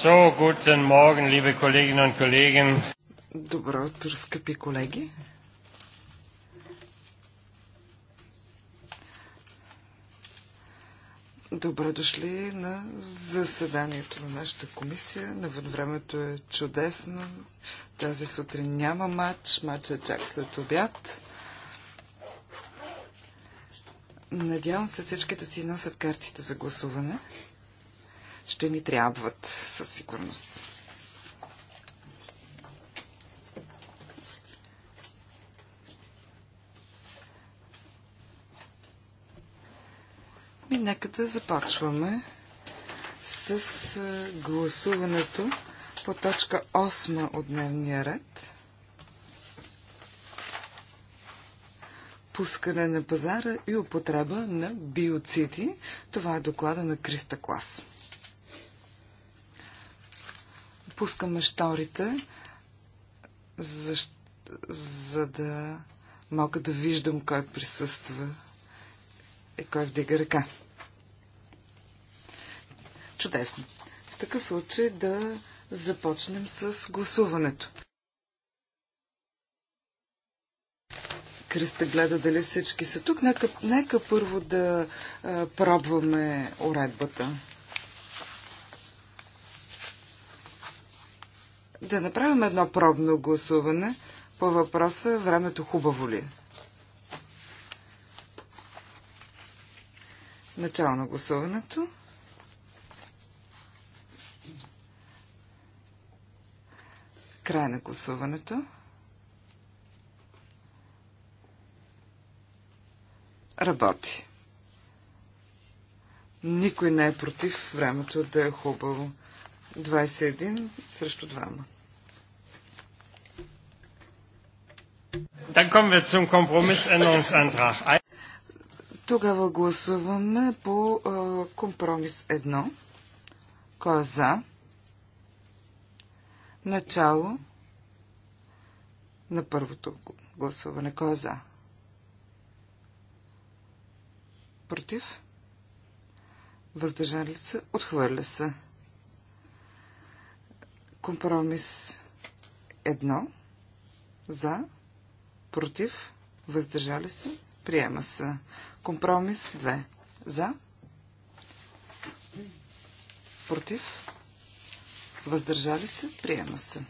So, guten Morgen, liebe Kolleginnen und Kollegen. Добро утро, скъпи колеги. Добре дошли на заседанието на нашата комисия. Навън времето е чудесно. Тази сутрин няма матч. Матчът е чак след обяд. Надявам се всички да си носят картите за гласуване. Ще ни трябват със сигурност. И нека да започваме с гласуването по точка 8 от дневния ред. пускане на пазара и употреба на биоциди. Това е доклада на Криста Клас. Пускаме шторите, за, за да мога да виждам кой присъства и кой вдига ръка. Чудесно. В такъв случай да започнем с гласуването. Кръста гледа дали всички са тук. Нека, нека първо да а, пробваме уредбата. Да направим едно пробно гласуване по въпроса времето хубаво ли? Начало на гласуването. Край на гласуването. работи. Никой не е против времето да е хубаво. 21 срещу 2. Тогава гласуваме по компромис 1. Кой е за? Начало на първото гласуване. Кой е за? против, въздържали се, отхвърля се. Компромис 1 за, против, въздържали се, приема се. Компромис 2 за, против, въздържали се, приема се.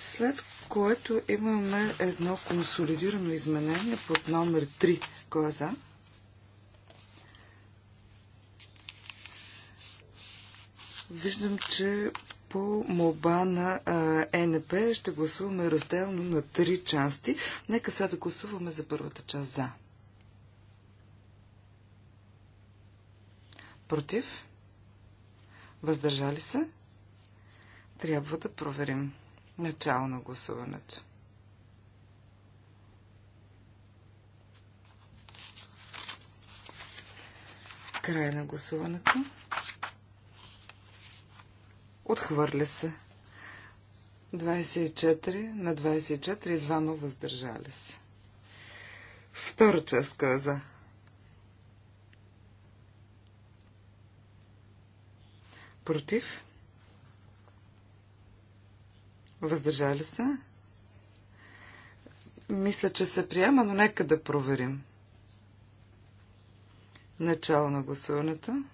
След което имаме едно консолидирано изменение под номер 3. Кой е за? Виждам, че по молба на а, НП ще гласуваме разделно на три части. Нека сега да гласуваме за първата част за. Против? Въздържали се? Трябва да проверим. Начало на гласуването. Край на гласуването. Отхвърля се. 24 на 24 и двама въздържали се. Втора част каза. Е Против? Въздържали се? Мисля, че се приема, но нека да проверим. Начало на гласуването.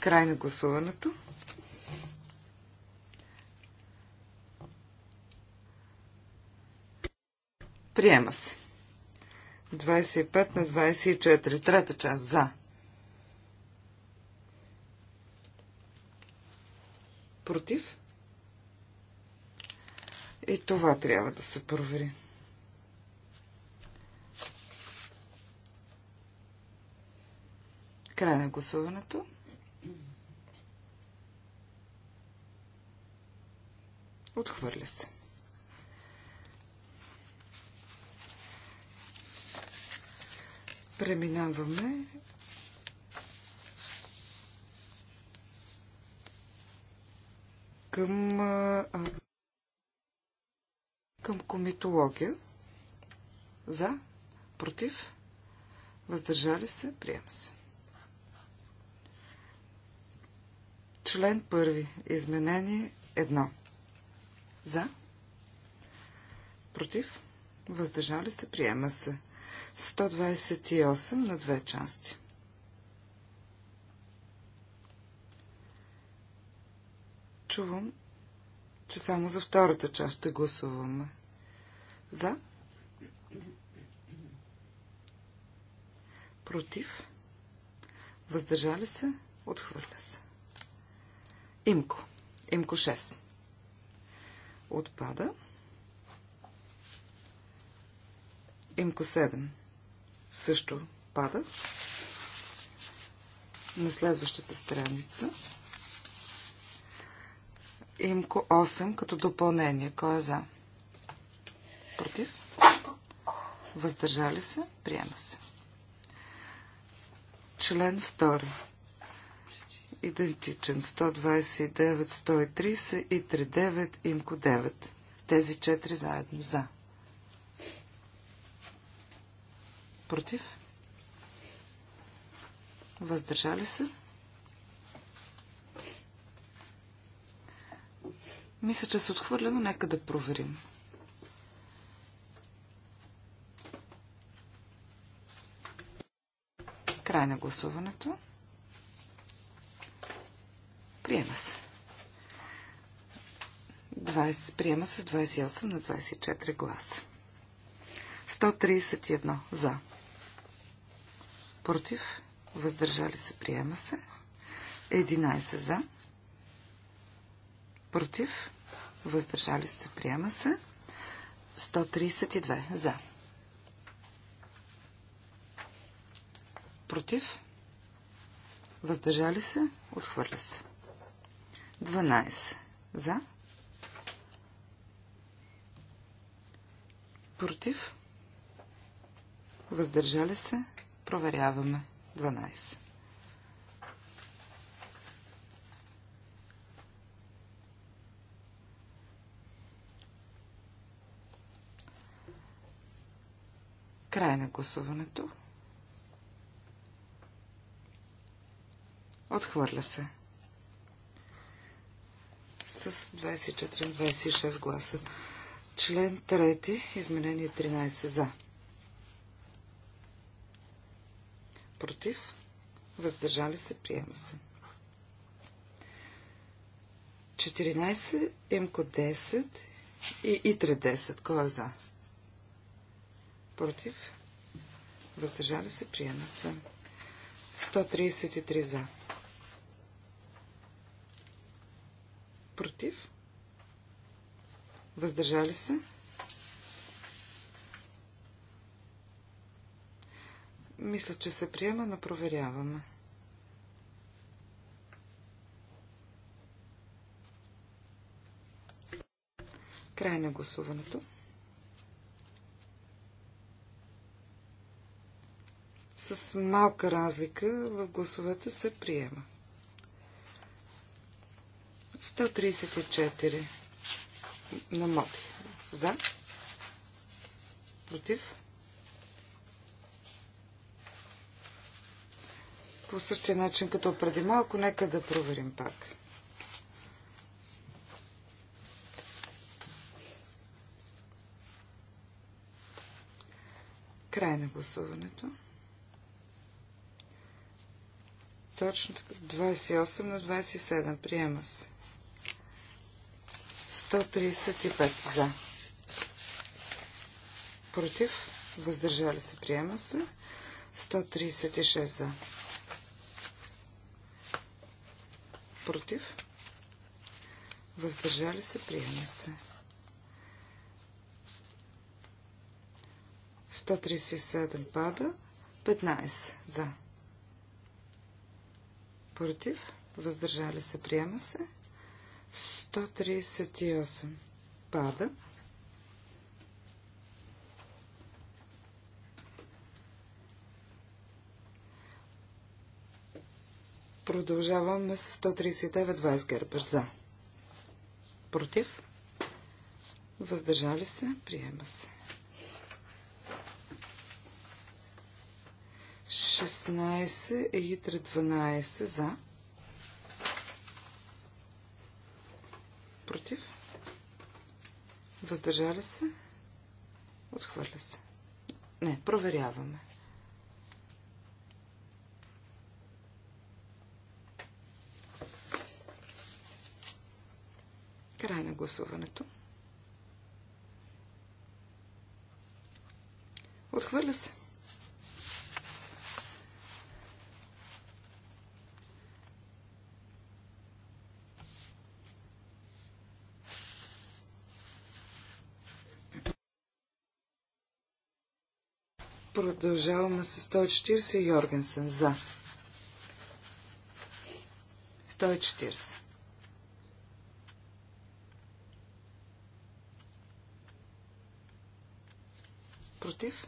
Край на гласуването. Приема се. 25 на 24. Трета част. За. Против? И това трябва да се провери. Край на гласуването. Отхвърля се. Преминаваме към, към комитология. За, против, въздържали се, приема се. Член първи. Изменение едно. За, против, въздържали се, приема се. 128 на две части. Чувам, че само за втората част ще гласуваме. За? Против? Въздържали се? Отхвърля се. Имко. Имко 6. Отпада. Имко 7 също пада. На следващата страница. Имко 8 като допълнение. Кой е за? Против? Въздържали се? Приема се. Член 2. Идентичен. 129, 130 и 39, имко 9. Тези четири заедно за. Против? Въздържали се? Мисля, че се отхвърля, но нека да проверим. Край на гласуването. Приема се. 20, приема се 28 на 24 гласа. 131 за против, въздържали се, приема се. 11 за, против, въздържали се, приема се. 132 за. Против, въздържали се, отхвърля се. 12 за, против, въздържали се, Проверяваме. 12. Край на гласуването. Отхвърля се. С 24-26 гласа. Член 3, изменение 13 за. против, въздържали се, приема се. 14, МК 10 и итре 10. Кой е за? Против, въздържали се, приема се. 133 за. Против, въздържали се, Мисля, че се приема, но проверяваме. Край на гласуването. С малка разлика в гласовете се приема. 134 на моти. За. Против. по същия начин като преди малко. Нека да проверим пак. Край на гласуването. Точно така. 28 на 27. Приема се. 135 за. Против. Въздържали се. Приема се. 136 за. против, въздържали се, приема се. 137 пада, 15 за. Против, въздържали се, приема се. 138 пада, Продължаваме с 139 Вайсгербер. За. Против. Въздържали се. Приема се. 16 и 3, 12 за. Против. Въздържали се. Отхвърля се. Не, проверяваме. 16 Край на гласуването. Отхвърля се. Продължаваме с 140 Йоргенсен за. 140. против,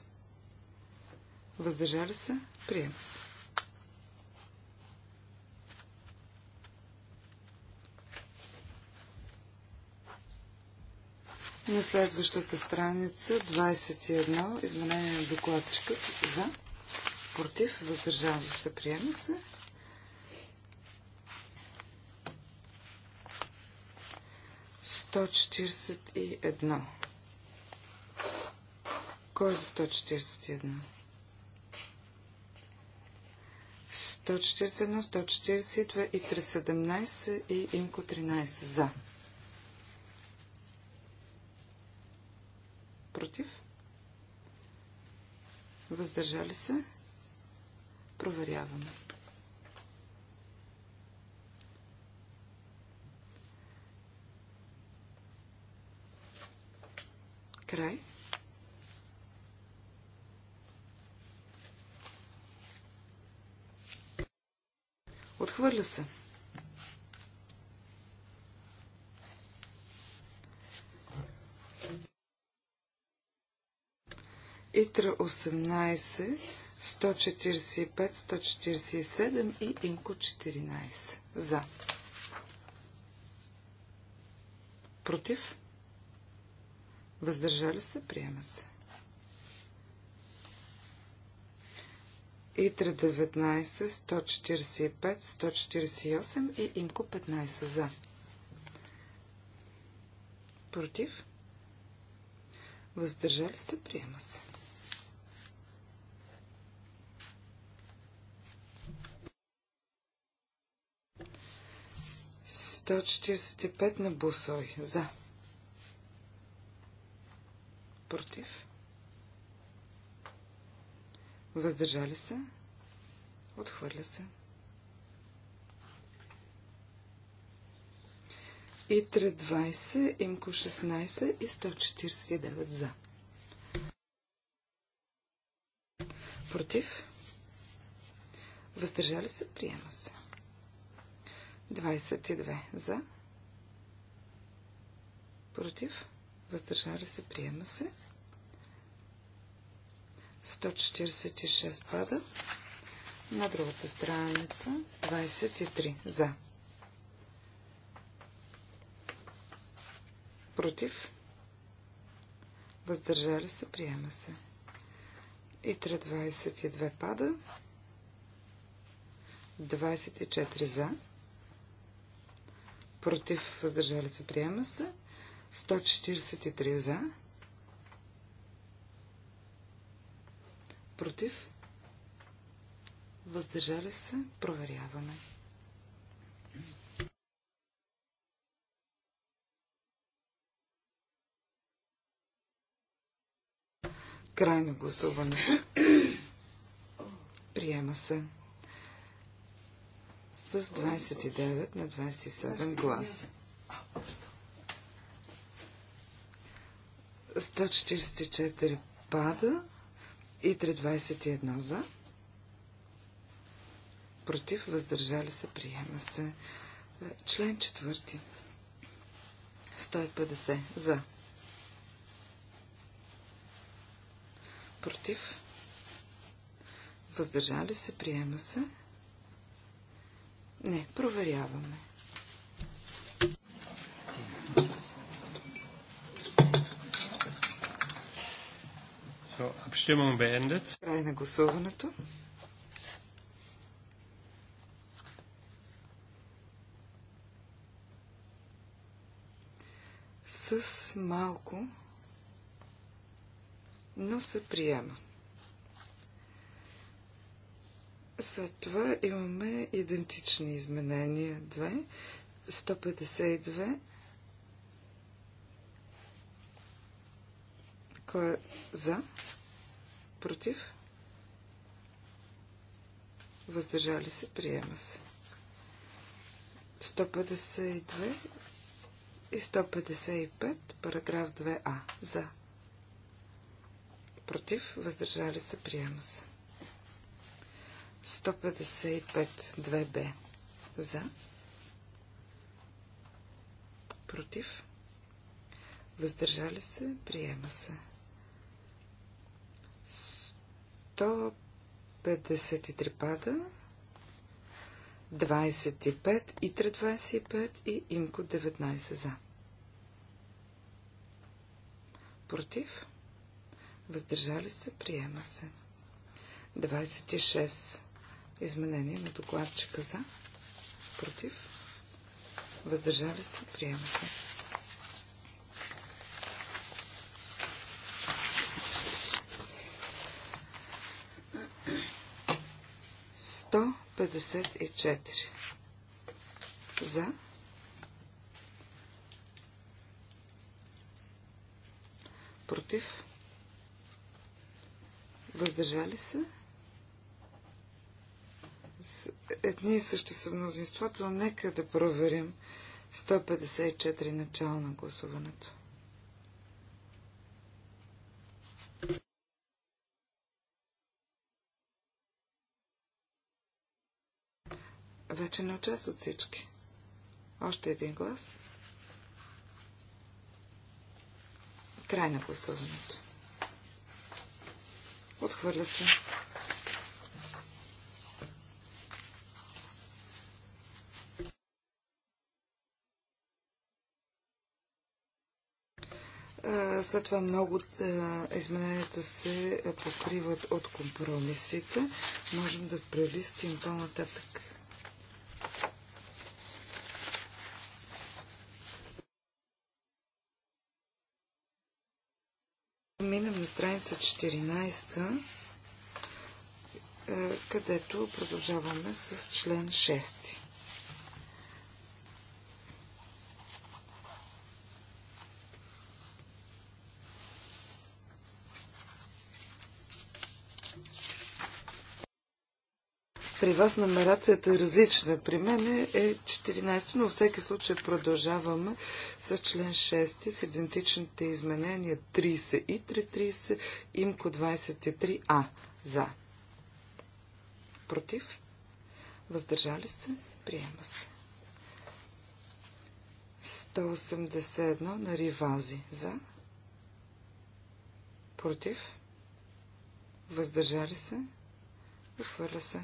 въздържали се, приема се. На следващата страница 21, изменение на докладчикът за, против, въздържали се, приема се. Сто четиридесет и едно. Кой е за 141? 141, 142 и 317 и Имко 13 за. Против? Въздържали се? Проверяваме. Край. Отхвърля се. Итра 18, 145, 147 и инко 14. За. Против? Въздържали се? Приема се. и 319, 145, 148 и имко 15 за. Против? Въздържали се, приема се. Сто на Бусой. За. Против. Въздържали се. Отхвърля се. И 320, имко 16 и 149 за. Против. Въздържали се. Приема се. 22 за. Против. Въздържали се. Приема се. 146 пада. На другата страница 23 за. Против. Въздържали се, приема се. Итра 22 пада. 24 за. Против, въздържали се, приема се. 143 за Против? Въздържали се? Проверяваме. Край на Приема се с 29 на 27 гласа. 144 пада, и 321 за. Против, въздържали се, приема се. Е, член 4. 150 за. Против. Въздържали се, приема се. Не, проверяваме. Край на гласуването. С малко, но се приема. След това имаме идентични изменения 2, 152 Кой е за? Против? Въздържали се, приема се. 152 и 155, параграф 2а. За. Против, въздържали се, приема се. 155, 2б. За. Против, въздържали се, приема се. 153 пада. 25 и 25 и имко 19 за. Против. Въздържали се. Приема се. 26. Изменение на докладчика за. Против. Въздържали се. Приема се. 154. За. Против. Въздържали се. Едни и същи са мнозинството, нека да проверим 154 начало на гласуването. Вече не участват всички. Още един глас. Край на гласуването. Отхвърля се. След това много измененията се покриват от компромисите. Можем да прелистим по-нататък. страница 14, е, където продължаваме с член 6. При вас номерацията е различна. При мен е 14, е но всеки случай продължаваме с член 6 с идентичните изменения 30 и 330, имко 23а. За. Против? Въздържали се? Приема се. 181 на Ривази. За. Против? Въздържали се? Отхвърля се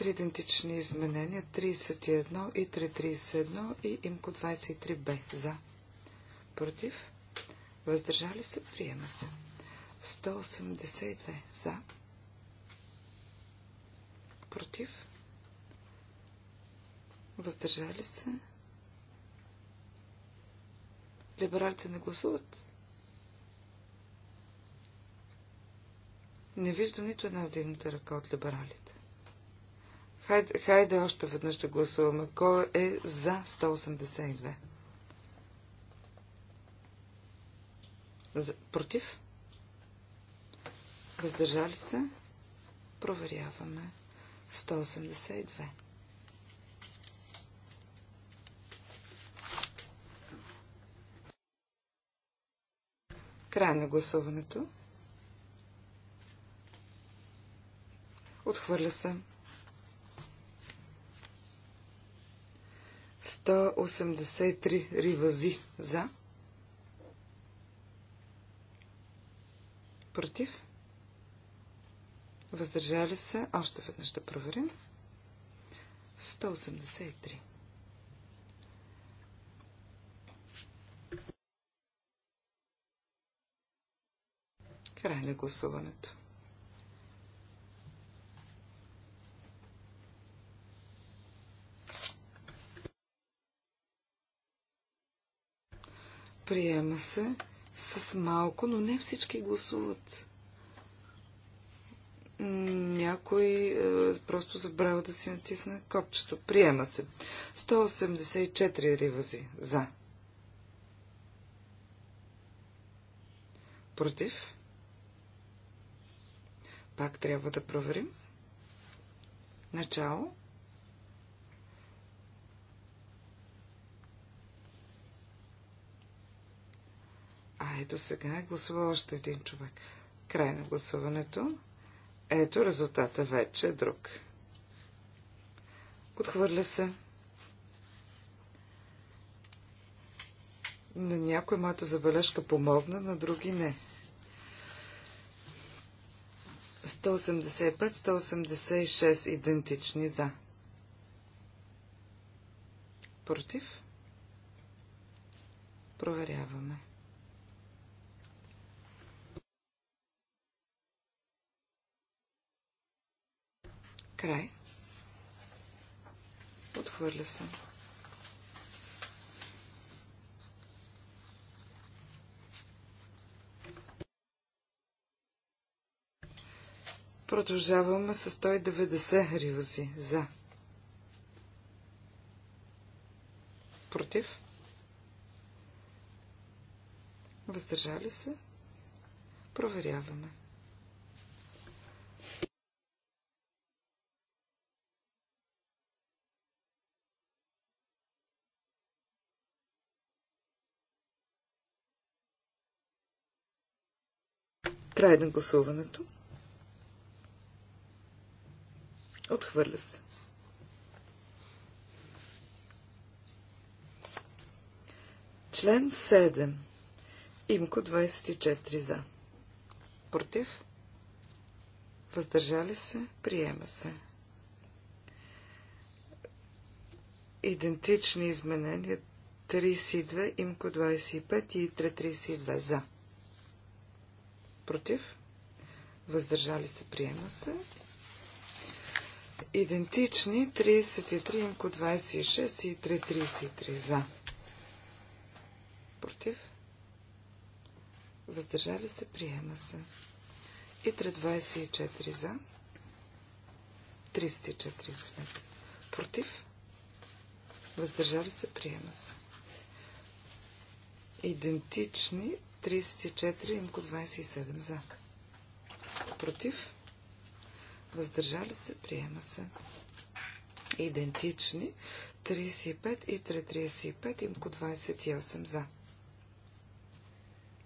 три идентични изменения 31 и 331 и имко 23б. За. Против. Въздържали се. Приема се. 182. За. Против. Въздържали се. Либералите не гласуват. Не виждам нито една едната ръка от либералите. Хайде, хайде още веднъж ще гласуваме. Кой е за 182? За, против? Въздържали се? Проверяваме. 182. Край на гласуването. Отхвърля се. 183 ривази за. Против. Въздържали се. Още веднъж да проверим. 183. Край на гласуването. Приема се с малко, но не всички гласуват. Някой е, просто забравя да си натисне копчето. Приема се. 184 ривази. За. Против. Пак трябва да проверим. Начало. А ето сега е гласувал още един човек. Край на гласуването. Ето резултата вече е друг. Отхвърля се. На някой моята забележка помогна, на други не. 185-186 идентични за. Против? Проверяваме. 185-186. Край. Отхвърля се. Продължаваме с 190 ривази. За. Против. Въздържали се. Проверяваме. Край на гласуването. Отхвърля се. Член 7. Имко 24 за. Против? Въздържали се? Приема се. Идентични изменения 32, имко 25 и 332 за против, въздържали се, приема се. Идентични 33, имко 26 и 333 за. Против. Въздържали се, приема се. И 324 за. 34, извинете. Против. Въздържали се, приема се. Идентични 34, имко 27 за. Против. Въздържали се, приема се. Идентични. 35 и 335, имко 28 за.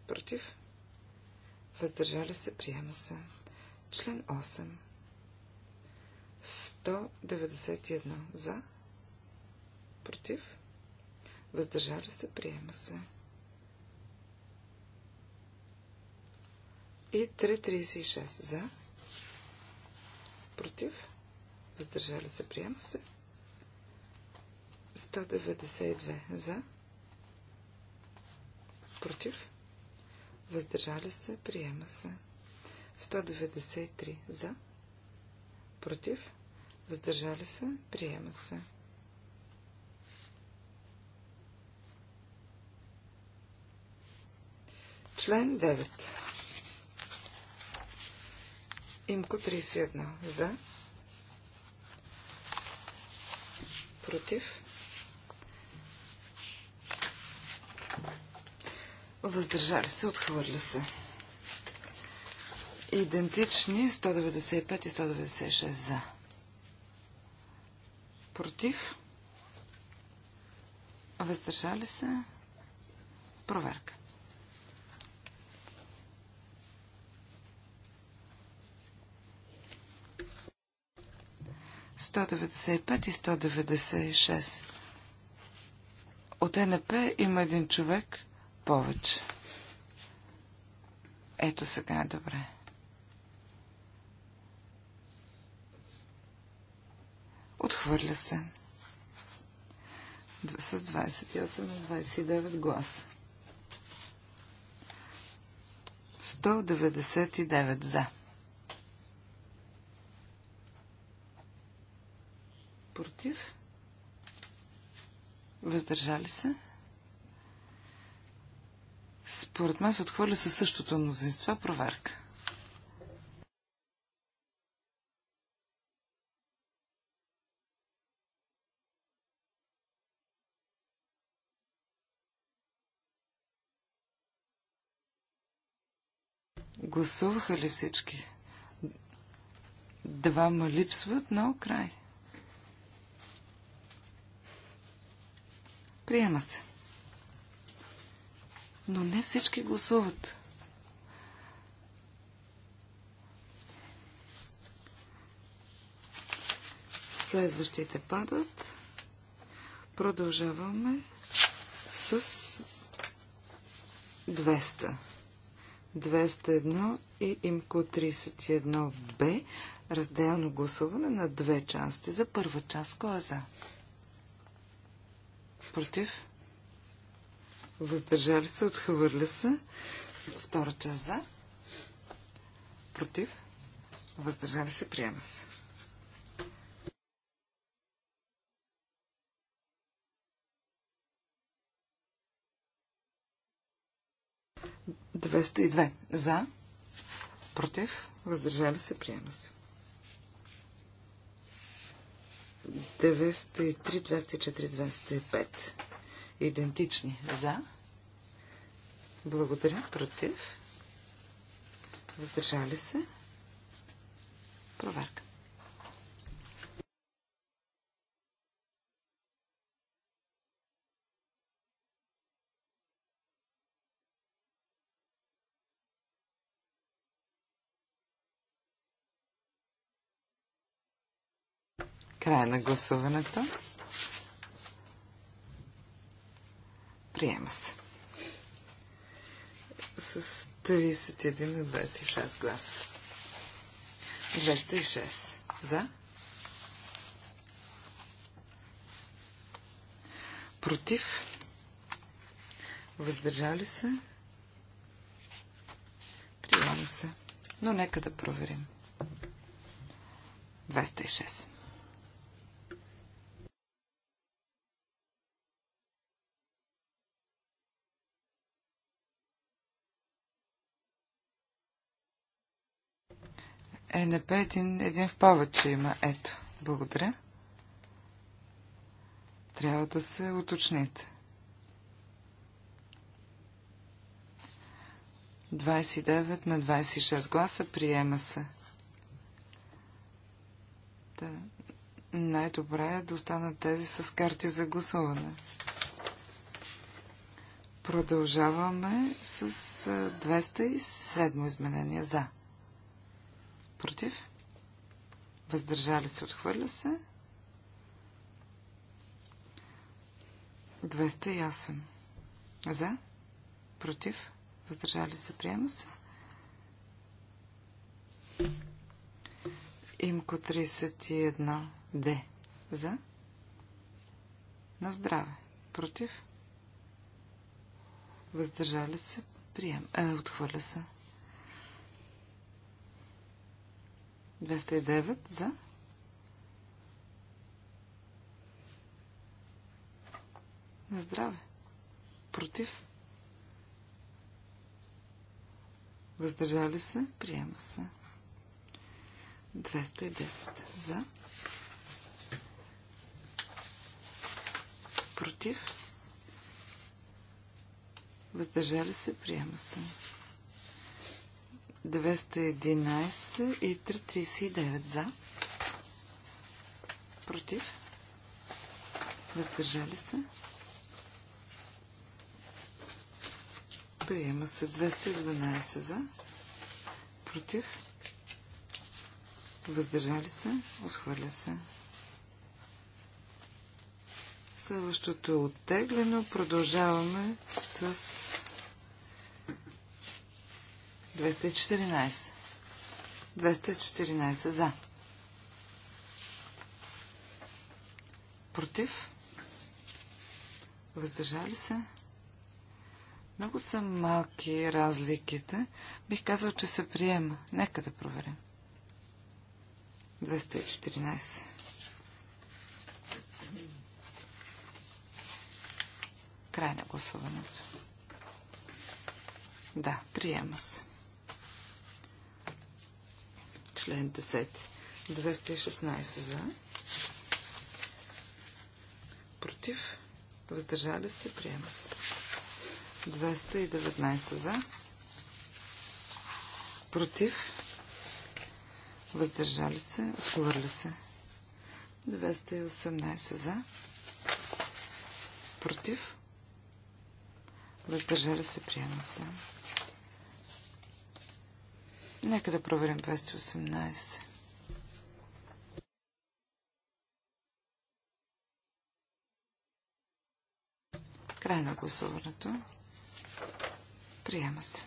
Против. Въздържали се, приема се. Член 8. 191 за. Против. Въздържали се, приема се. и 3.36 за. Против. Въздържали се. Приема се. 192 за. Против. Въздържали се. Приема се. 193 за. Против. Въздържали се. Приема се. Член 9. Имко 31. За. Против. Въздържали се, отхвърля се. Идентични 195 и 196 за. Против. Въздържали се. Проверка. 195 и 196. От НП има един човек повече. Ето сега е добре. Отхвърля се. С 28 на 29 гласа. 199 за. против, въздържали се. Според мен се отхвърля със същото мнозинство проверка. Гласуваха ли всички? Двама липсват, но край. Приема се. Но не всички гласуват. Следващите падат. Продължаваме с 200. 201 и имко 31 Б. Разделно гласуване на две части. За първа част кой е за? против, въздържали се, отхвърля се. Втора част за, против, въздържали се, приема се. Двеста и две. За, против, въздържали се, приема се. 203, 204, 205. Идентични. За. Благодаря. Против. Въздържали се. Проверка. Края на гласуването. Приема се. С 31 на 26 гласа. 206 за. Против. Въздържали се. Приема се. Но нека да проверим. 206. ЕНП един, един в повече има. Ето. Благодаря. Трябва да се уточните. 29 на 26 гласа приема се. Да. Най-добре е да останат тези с карти за гласуване. Продължаваме с 207 изменения за против, въздържали се, отхвърля се. 208 за, против, въздържали се, приема се. Имко 31 Д за, на здраве, против, въздържали се, прием, е, отхвърля се. 209 209 за. На здраве. Против. Въздържали се. Приема се. 210 за. Против. Въздържали се. Приема се. 211 и 339 за. Против. Въздържали се. Приема се 212 за. Против. Въздържали се. Отхвърля се. Следващото е оттеглено. Продължаваме с 214. 214 за. Против? Въздържали се? Много са малки разликите. Бих казал, че се приема. Нека да проверим. 214. Край на гласуването. Да, приема се. Член 10. 216 за. Против. Въздържали се. Приема се. 219 за. Против. Въздържали се. Отхвърля се. 218 за. Против. Въздържали се. Приема се. Нека да проверим 218. Край на гласуването. Приема се.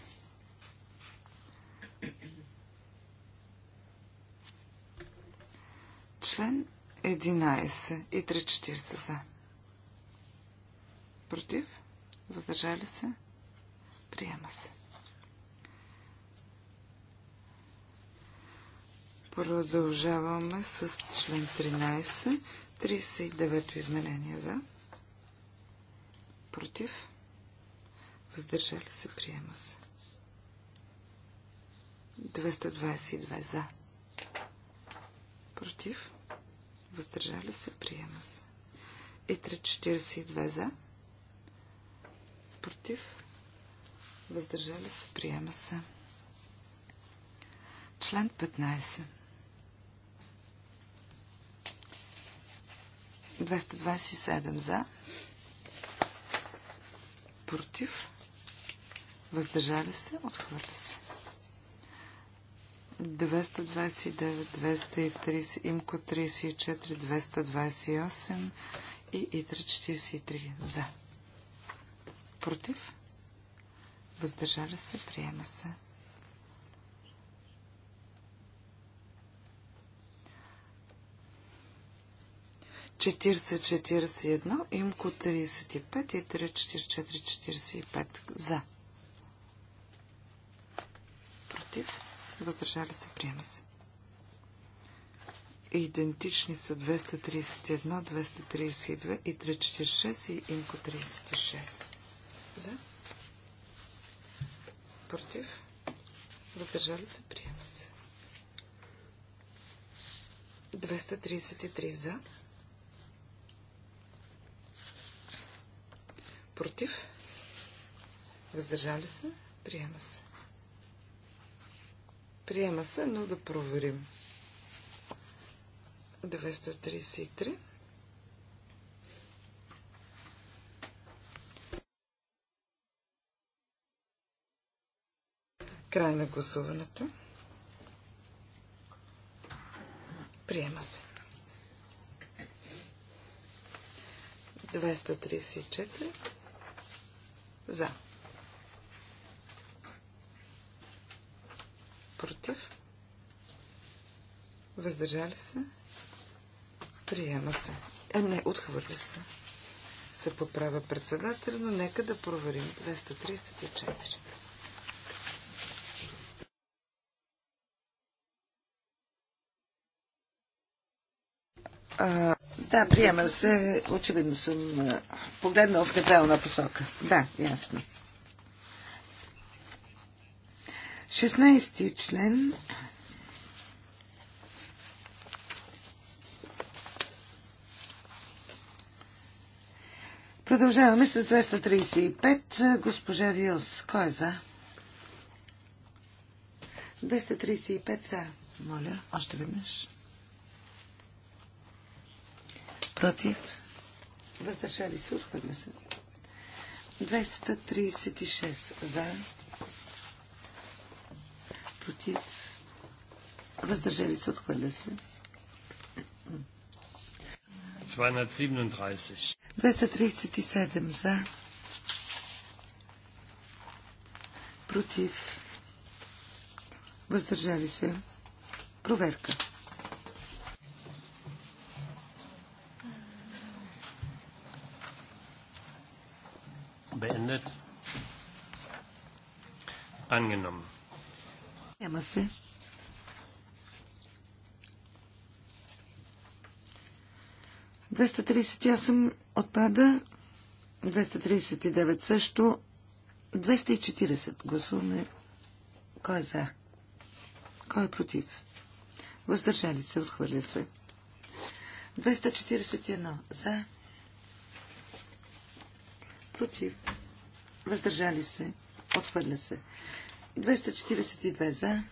Член 11 и 340 за. Против? Въздържали се? Приема се. Продължаваме с член 13. 39-то изменение за. Против. Въздържали се. Приема се. 222 за. Против. Въздържали се. Приема се. И 342 за. Против. Въздържали се. Приема се. Член 15. 227 за. Против. Въздържали се. Отхвърли се. 229, 230, имко 34, 228 и итра 43 за. Против. Въздържали се. Приема се. 40-41, имко 35 и 3-44-45 за. Против. Въздържали се. Приема се. Идентични са 231, 232 и 346 и имко 36. За. Против. Въздържали се. Приема се. 233 за Против. Въздържали се. Приема се. Приема се, но да проверим. 233. Край на гласуването. Приема се. 234. За. Против. Въздържали се. Приема се. Е, не, отхвърля се. Се поправя председател, но нека да проверим 234. А, да, приема се. Очевидно съм погледнал в неправилна посока. Да, ясно. 16 член. Продължаваме с 235. Госпожа Виос, кой е за? 235 за. Моля, още веднъж против, въздържали се, отхвърля се. 236 за, против, въздържали се, отхвърля се. 237. 237 за, против, въздържали се, проверка. Abgesendet. Angenommen. Приема се. Двеста отпада. 239 също. 240. Гласуваме. Кой е за? Кой е против? Въздържали се, отхвърля се. 241. За. Против въздържали се, отхвърля се. 242 за,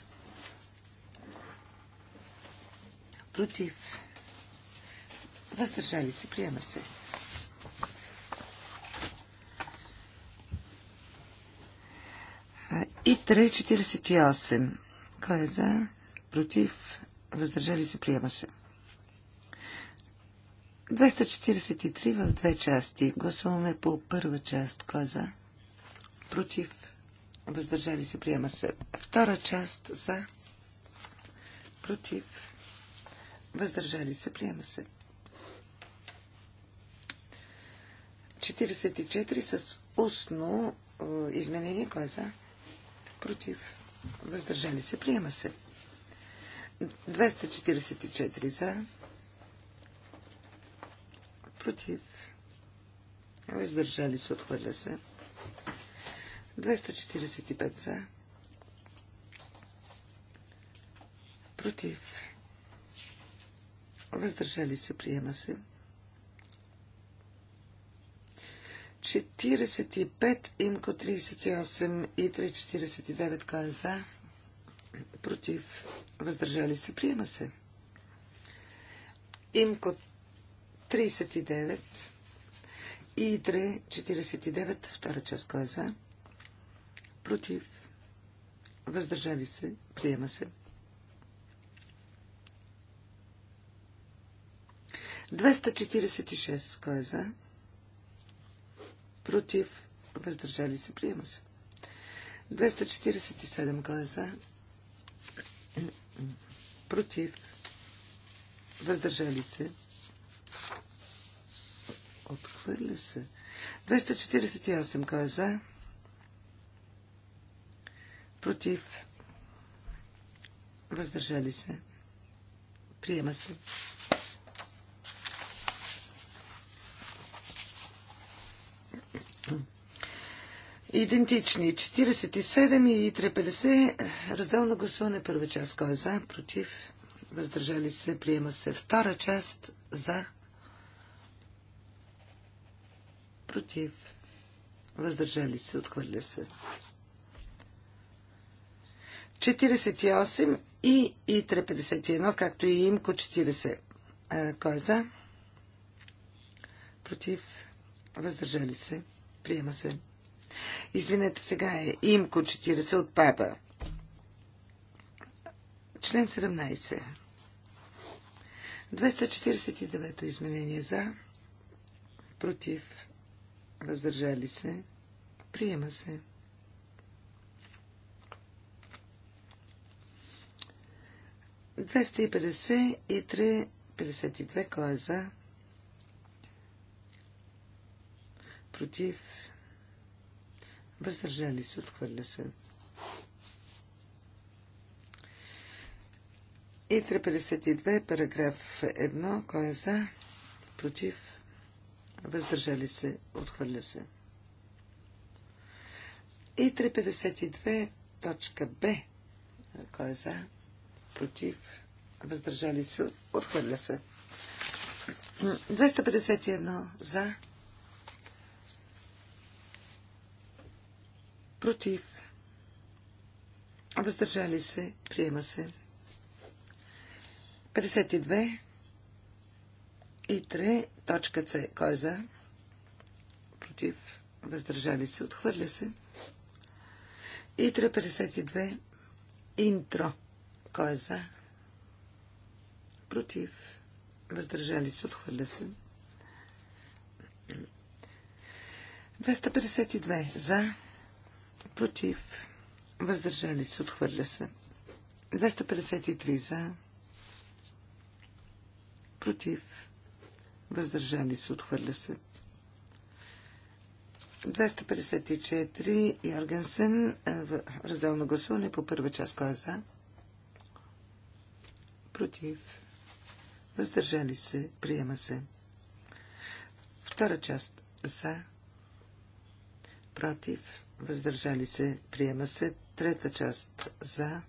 против, въздържали се, приема се. И 3,48. Кой е за? Против? Въздържали се? Приема се. 243 в две части. Гласуваме по първа част. Кой е за? против, въздържали се, приема се. Втора част за, против, въздържали се, приема се. 44 с устно е, изменение, кой е за, против, въздържали се, приема се. 244 за, против, въздържали се, отхвърля се. 245 за. Против. Въздържали се, приема се. 45, имко 38 и 349, кой е за? Против. Въздържали се, приема се. Имко 39 и 349, втора част, кой е за? против, въздържали се, приема се. 246, кой е за? Против, въздържали се, приема се. 247, кой е за? Против, въздържали се. Отхвърля се. 248, кой е за? против, въздържали се, приема се. Идентични 47 и 350. Разделно гласуване. Първа част. Кой е за? Против? Въздържали се? Приема се. Втора част. За? Против? Въздържали се? Отхвърля се. 48 и И351, както и ИМКО 40. Кой е за? Против? Въздържали се? Приема се. Извинете, сега е ИМКО 40 отпада. Член 17. 249 изменение за, против, въздържали се, приема се. 250 и 352, 52. Кой е за? Против. Въздържали се. Отхвърля се. И 352, параграф 1. Кой е за? Против. Въздържали се. Отхвърля се. И 352, точка Б. Кой е за? против, въздържали се, отхвърля се. 251 за, против, въздържали се, приема се. 52 и 3 точка С. Кой е за? Против, въздържали се, отхвърля се. И 352 интро. Кой е за? Против. Въздържали се. Отхвърля се. 252 за. Против. Въздържали се. Отхвърля се. 253 за. Против. Въздържали се. Отхвърля се. 254 Йоргенсен. Разделно гласуване по първа част. Кой е за? против, въздържали се, приема се. Втора част за, против, въздържали се, приема се. Трета част за,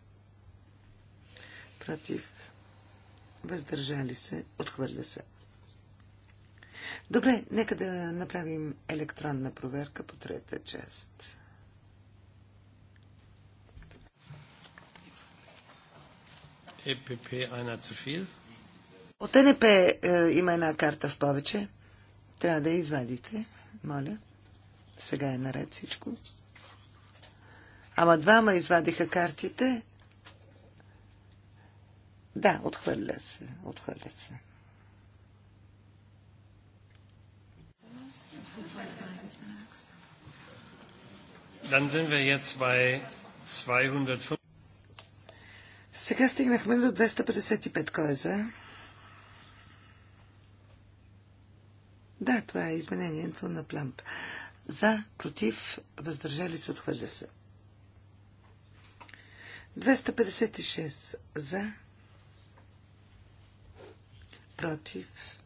против, въздържали се, отхвърля се. Добре, нека да направим електронна проверка по трета част. ЕПП една цифил. От НП е, има една карта в повече. Трябва да я извадите, моля. Сега е наред всичко. Ама двама извадиха картите. Да, отхвърля се. Отхвърля се. Dann sind wir jetzt bei 205. Сега стигнахме до 255. Кой е за? Да, това е изменението на Пламп. За, против, въздържали се, отхвърля се. 256 за, против,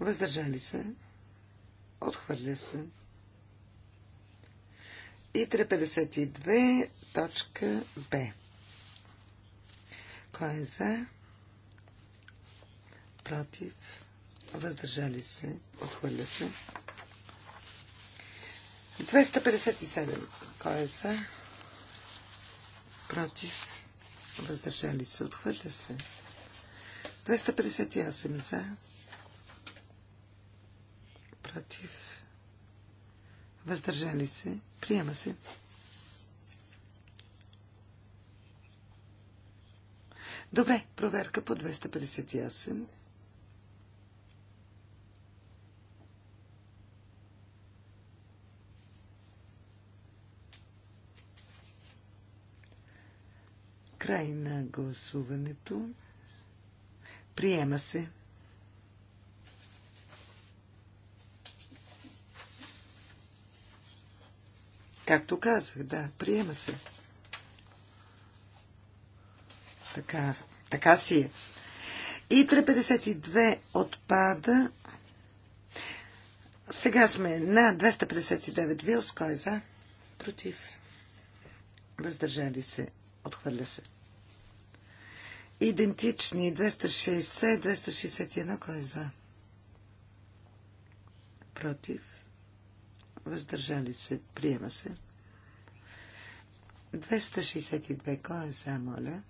въздържали се, отхвърля се. И 352 точка Б. Кой е за? Против? Въздържали се? Отхвърля се? 257. Кой е за? Против? Въздържали се? Отхвърля се? 258 за. Против? Въздържали се? Приема се? Добре, проверка по 258. Край на гласуването. Приема се. Както казах, да, приема се. Така, така си е. И 352 отпада. Сега сме на 259 вилс. Кой е за? Против. Въздържали се. Отхвърля се. Идентични 260, 261. Кой е за? Против. Въздържали се. Приема се. 262. Кой е за, моля?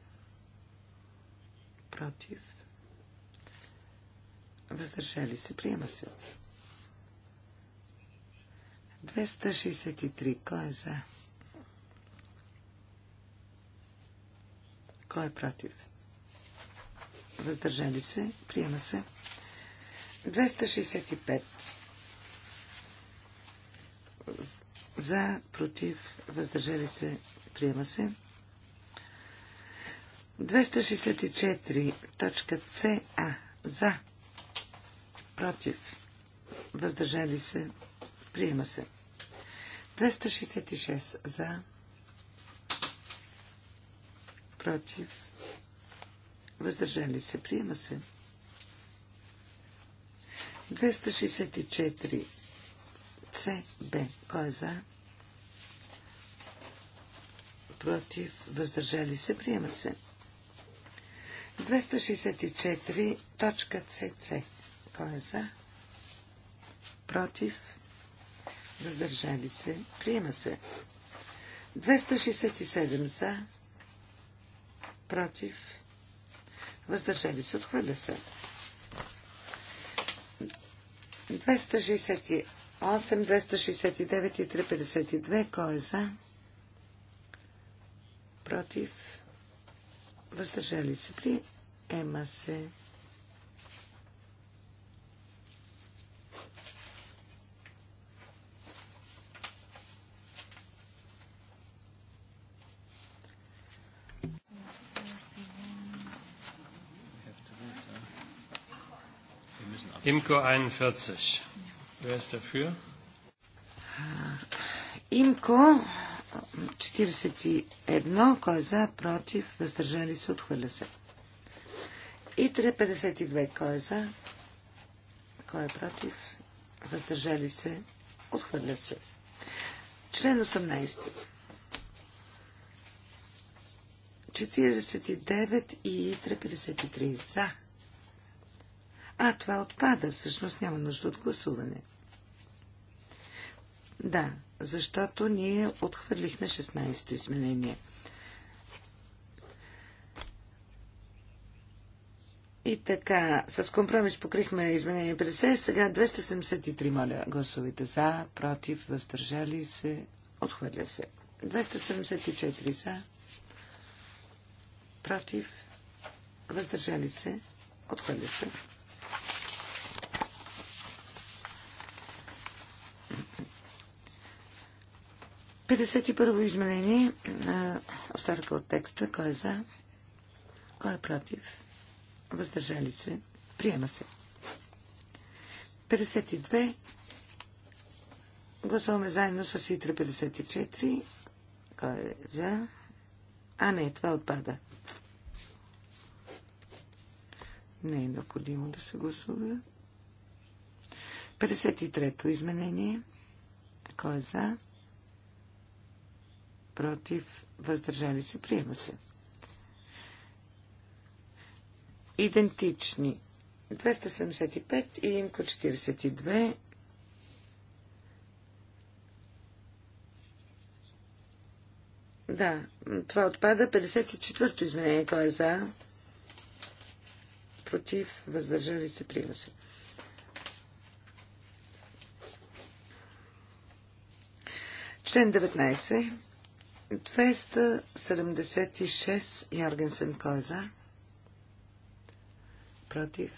против, въздържали се, приема се. 263, кой е за? Кой е против? Въздържали се, приема се. 265. За, против, въздържали се, приема се. 264. Точка За. Против. Въздържали се. Приема се. 266. За. Против. Въздържали се. Приема се. 264. Б. Кой е за? Против. Въздържали се. Приема се. 264 264.cc. Кой е за? Против? Въздържали се. Приема се. 267 за. Против? Въздържали се. Отхвърля се. 268, 269 и 352. Кой е за? Против? въздържали се, при Ема се. Imco 41. Wer ist dafür? Imco 41, кой е за, против, въздържали се, отхвърля се. И 352, кой е за, кой е против, въздържали се, отхвърля се. Член 18. 49 и 353 за. А, това отпада. Всъщност няма нужда от гласуване. Да, защото ние отхвърлихме 16-то изменение. И така, с компромис покрихме изменение 50, сега 273, моля, гласовите за, против, въздържали се, отхвърля се. 274 за, против, въздържали се, отхвърля се. 51-во изменение. Остатъка от текста. Кой е за? Кой е против? Въздържали се. Приема се. 52. Гласуваме заедно с Итра 54. Кой е за? А, не, това отпада. Не е необходимо да се гласува. 53-то изменение. Кой е за? против, въздържали се, приема се. Идентични. 275 и имко 42. Да, това отпада. 54-то изменение. Кой е за? Против, въздържали се, приема се. Член 19. 276 Яргенсен кой е за? Против.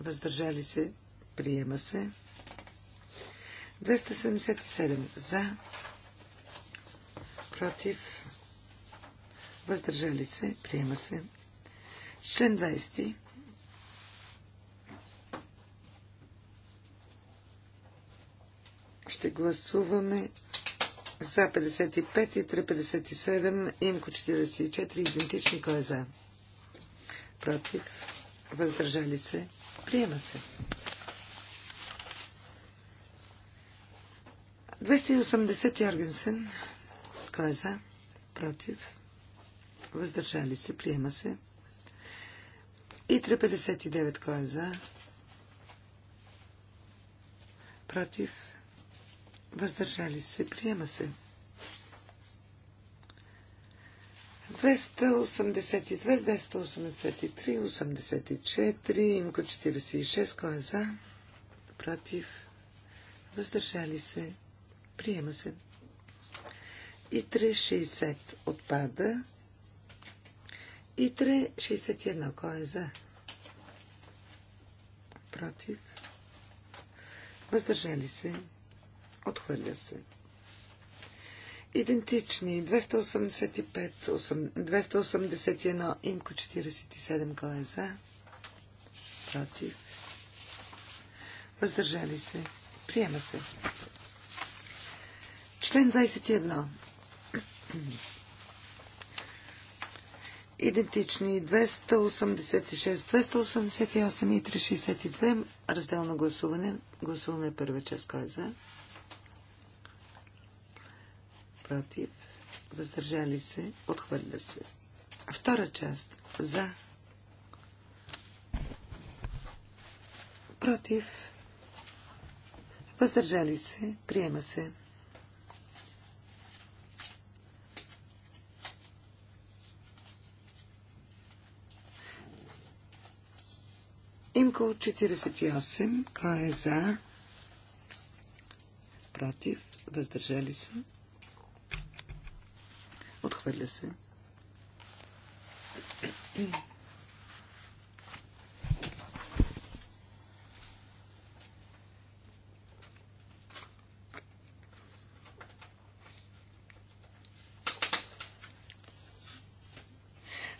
Въздържали се. Приема се. 277 за. Против. Въздържали се. Приема се. Член 20. Ще гласуваме за 55 и 357, имко 44, идентични, кой е за? Против, въздържали се, приема се. 280 Йоргенсен, кой е за? Против, въздържали се, приема се. И 359, кой е за? Против, Въздържали се. Приема се. 282, 283, 84, имко 46, кой е за? Против. Въздържали се. Приема се. И 360 отпада. И 361, кой е за? Против. Въздържали се. Отхвърля се. Идентични. 285, 281, имко 47. Кой е за? Против. Въздържали се. Приема се. Член 21. Идентични 286, 288 и 362. Разделно гласуване. Гласуваме първа част. Кой е за? против, въздържали се, отхвърля се. Втора част за, против, въздържали се, приема се. Имко 48. Кой е за? Против? Въздържали се? Отхвърля се.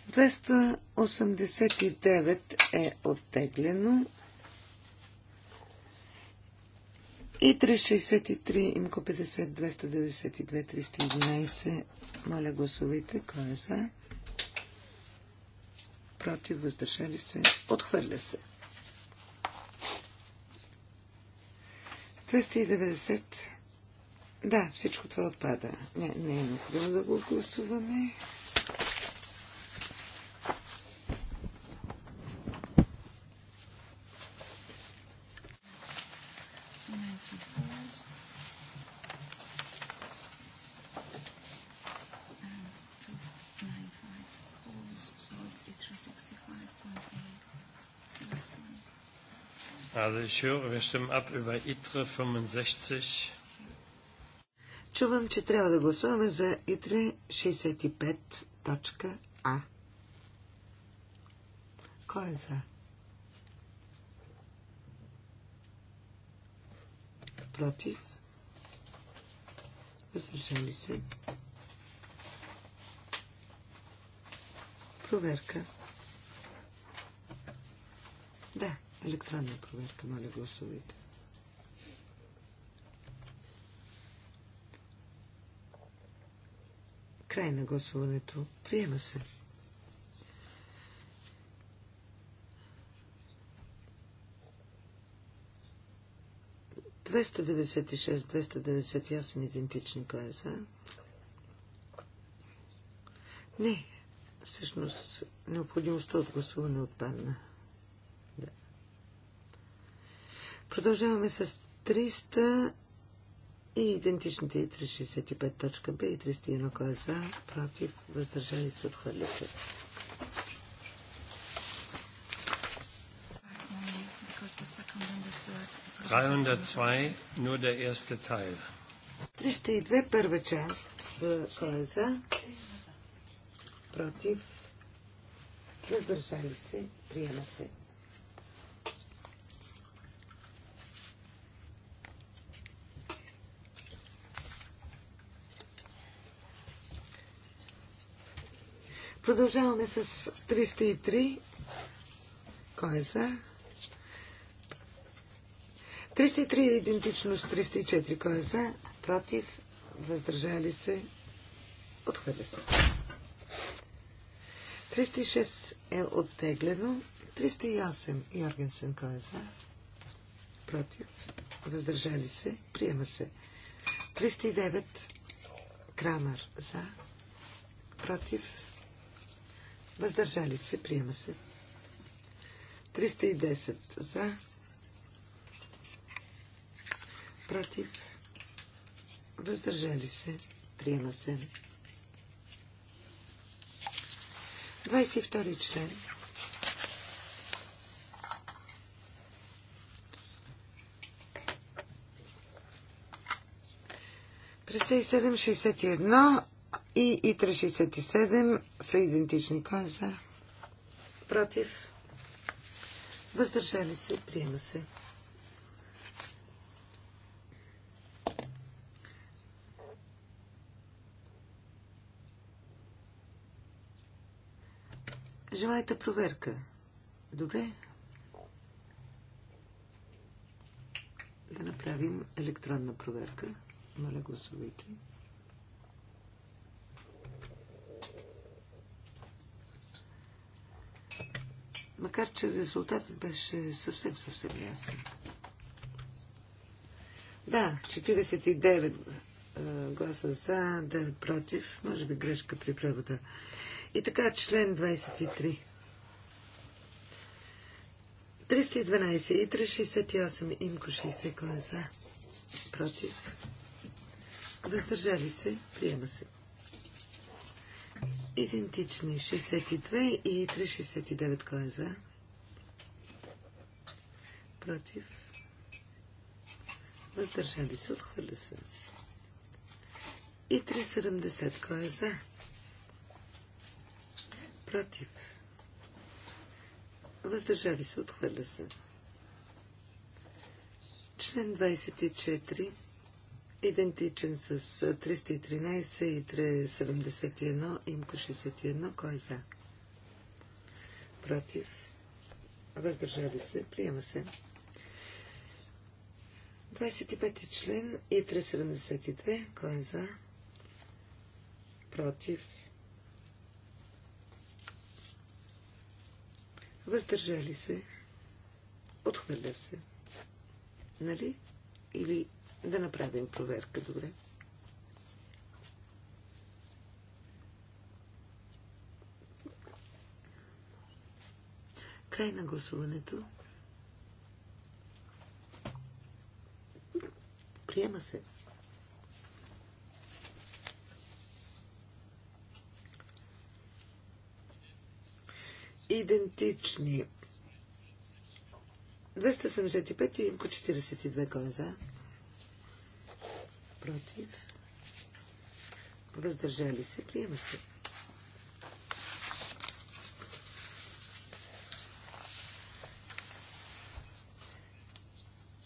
Двеста осемдесет и девет е оттеглено. И 363, имко 50, 292, 311. Моля, гласувайте. Кой е за? Против, въздържали се. Отхвърля се. 290. Да, всичко това отпада. Не, не е необходимо да го гласуваме. Ich höre, wir stimmen ab über ITRE 65. Чувам, че трябва да гласуваме за ИТРЕ 65.А. Кой е за? Против? Въздържали се? Проверка. Да. Електронна проверка, моля гласувайте. Край на гласуването. Приема се. Двеста деветдесет и шест, двеста деветдесет и осем идентични. Кой е за? Не, всъщност необходимостта от гласуване отпадна. Продължаваме с 300 и идентичните 365 точка Б и 301 кой е за, против, въздържали се, отхвърли се. nur der erste Teil. 302 първа част. Кой е за? Против? Въздържали се? Приема се. Продължаваме с 303. Кой е за? 303 е идентично с 304. Кой е за? Против? Въздържали се? Отхвърля се. 306 е оттеглено. 308 Йоргенсен. Кой е за? Против? Въздържали се? Приема се. 309 Крамер. За? Против? въздържали се, приема се. 310 за, против, въздържали се, приема се. 22 член. През 61 и И367 са идентични. Кой е за? Против? Въздържали се? Приема се. Желаете проверка? Добре. Да направим електронна проверка. Моля, гласувайте. макар че резултатът беше съвсем, съвсем ясен. Да, 49 гласа за, 9 против, може би грешка при превода. И така, член 23. 312 и 368, имко 60, кой е за? Против. Въздържали се, приема се. Идентични 62 и 369 кой е за? Против. Въздържали се, отхвърля се. И 370 кой е за? Против. Въздържали се, отхвърля се. Член 24. Идентичен с 313 и 371, имко 61, кой е за? Против. Въздържали се. Приема се. 25 член и 372, кой е за? Против. Въздържали се. Отхвърля се. Нали? Или да направим проверка, добре. Край на гласуването. Приема се. Идентични. 275 и 42 коза. Е за? против, въздържали се, приема се.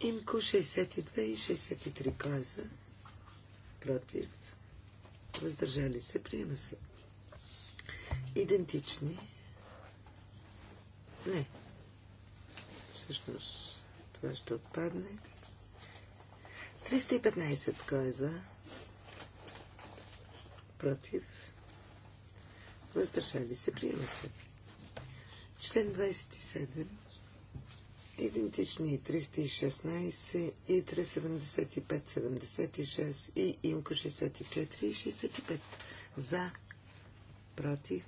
Имко 62 и 63 каза е против, въздържали се, приема се. Идентични. Не. Всъщност това ще отпадне. 315. Кой е за? Против. Въздържали се. Приема се. Член 27. Идентични 316 и 375, 76 и имко 64 и 65. За. Против.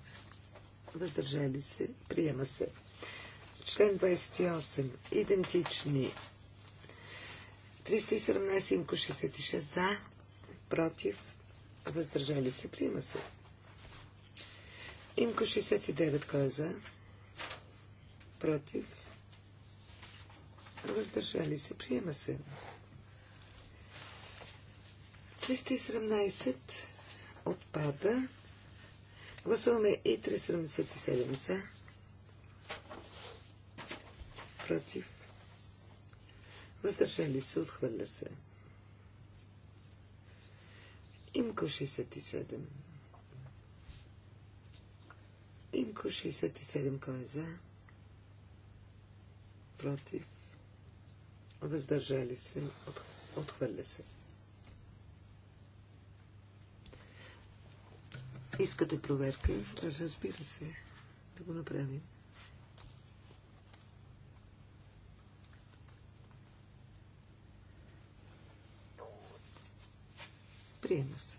Въздържали се. Приема се. Член 28. Идентични 317 имко 66 за, против, въздържали се, приема се. Имко 69 кой е за, против, въздържали се, приема се. 317 отпада. Гласуваме и 377 за. Против. Въздържали се, отхвърля се. Имко 67. Имко 67, кой е за? Против. Въздържали се, отхвърля се. Искате проверка? Разбира се, да го направим. Приема се.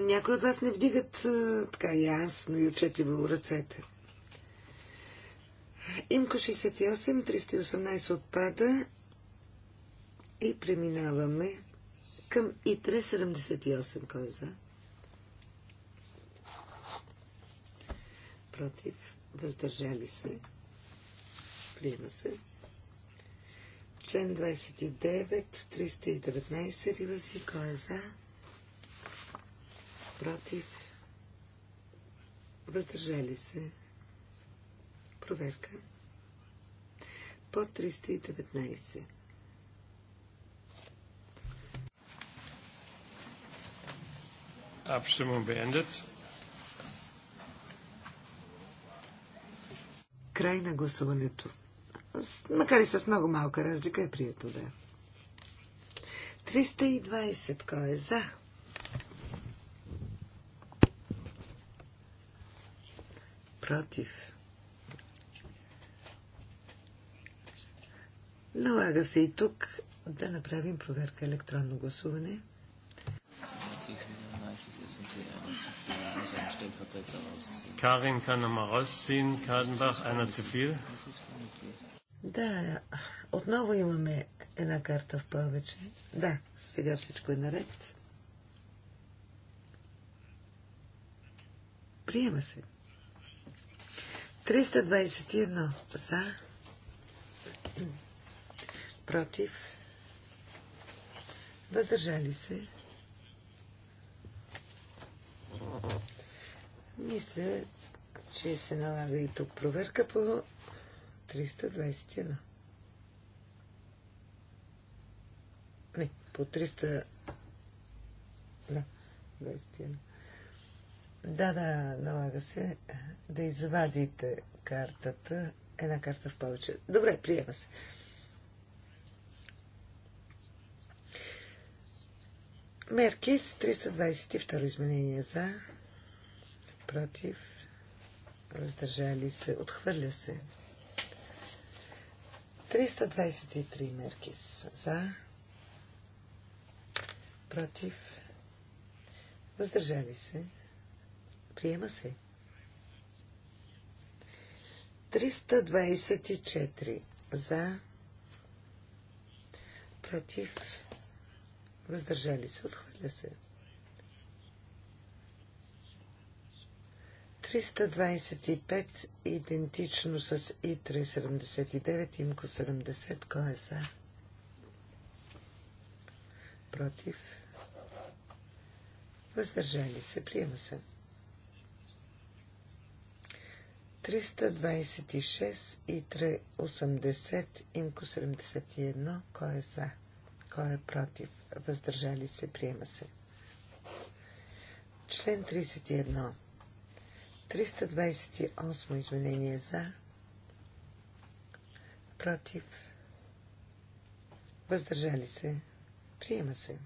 Някои от вас не вдигат така ясно и отчетливо ръцете. Имко 68, 318 отпада и преминаваме към ИТРЕ 78. Кой е за? против, въздържали се, приема се. Член 29, 319 ривази, кой е за, против, въздържали се, проверка по 319. Abstimmung beendet. Край на гласуването. Макар и с много малка разлика е прието да. 320. Кой е за? Против. Налага се и тук да направим проверка електронно гласуване. Karin kann nochmal rausziehen. Kadenbach, einer zu viel. Да, отново имаме една карта в повече. Да, сега всичко е наред. Приема се. 321 за. Против. Въздържали се. Мисля, че се налага и тук проверка по 321. Не, по 300... Да, 21. Да, да, налага се да извадите картата. Една карта в повече. Добре, приема се. Мерки с 322 изменение за, против, въздържали се, отхвърля се. 323 мерки за, против, въздържали се, приема се. 324 за, против, Въздържали се. Отхвърля се. 325 идентично с ИТРЕ 79, ИМКО 70. Кой е за? Против. Въздържали се. Приема се. 326 и 380, имко 71. Кой е за? Кой е против? въздържали се, приема се. Член 31. 328 изменение за, против, въздържали се, приема се.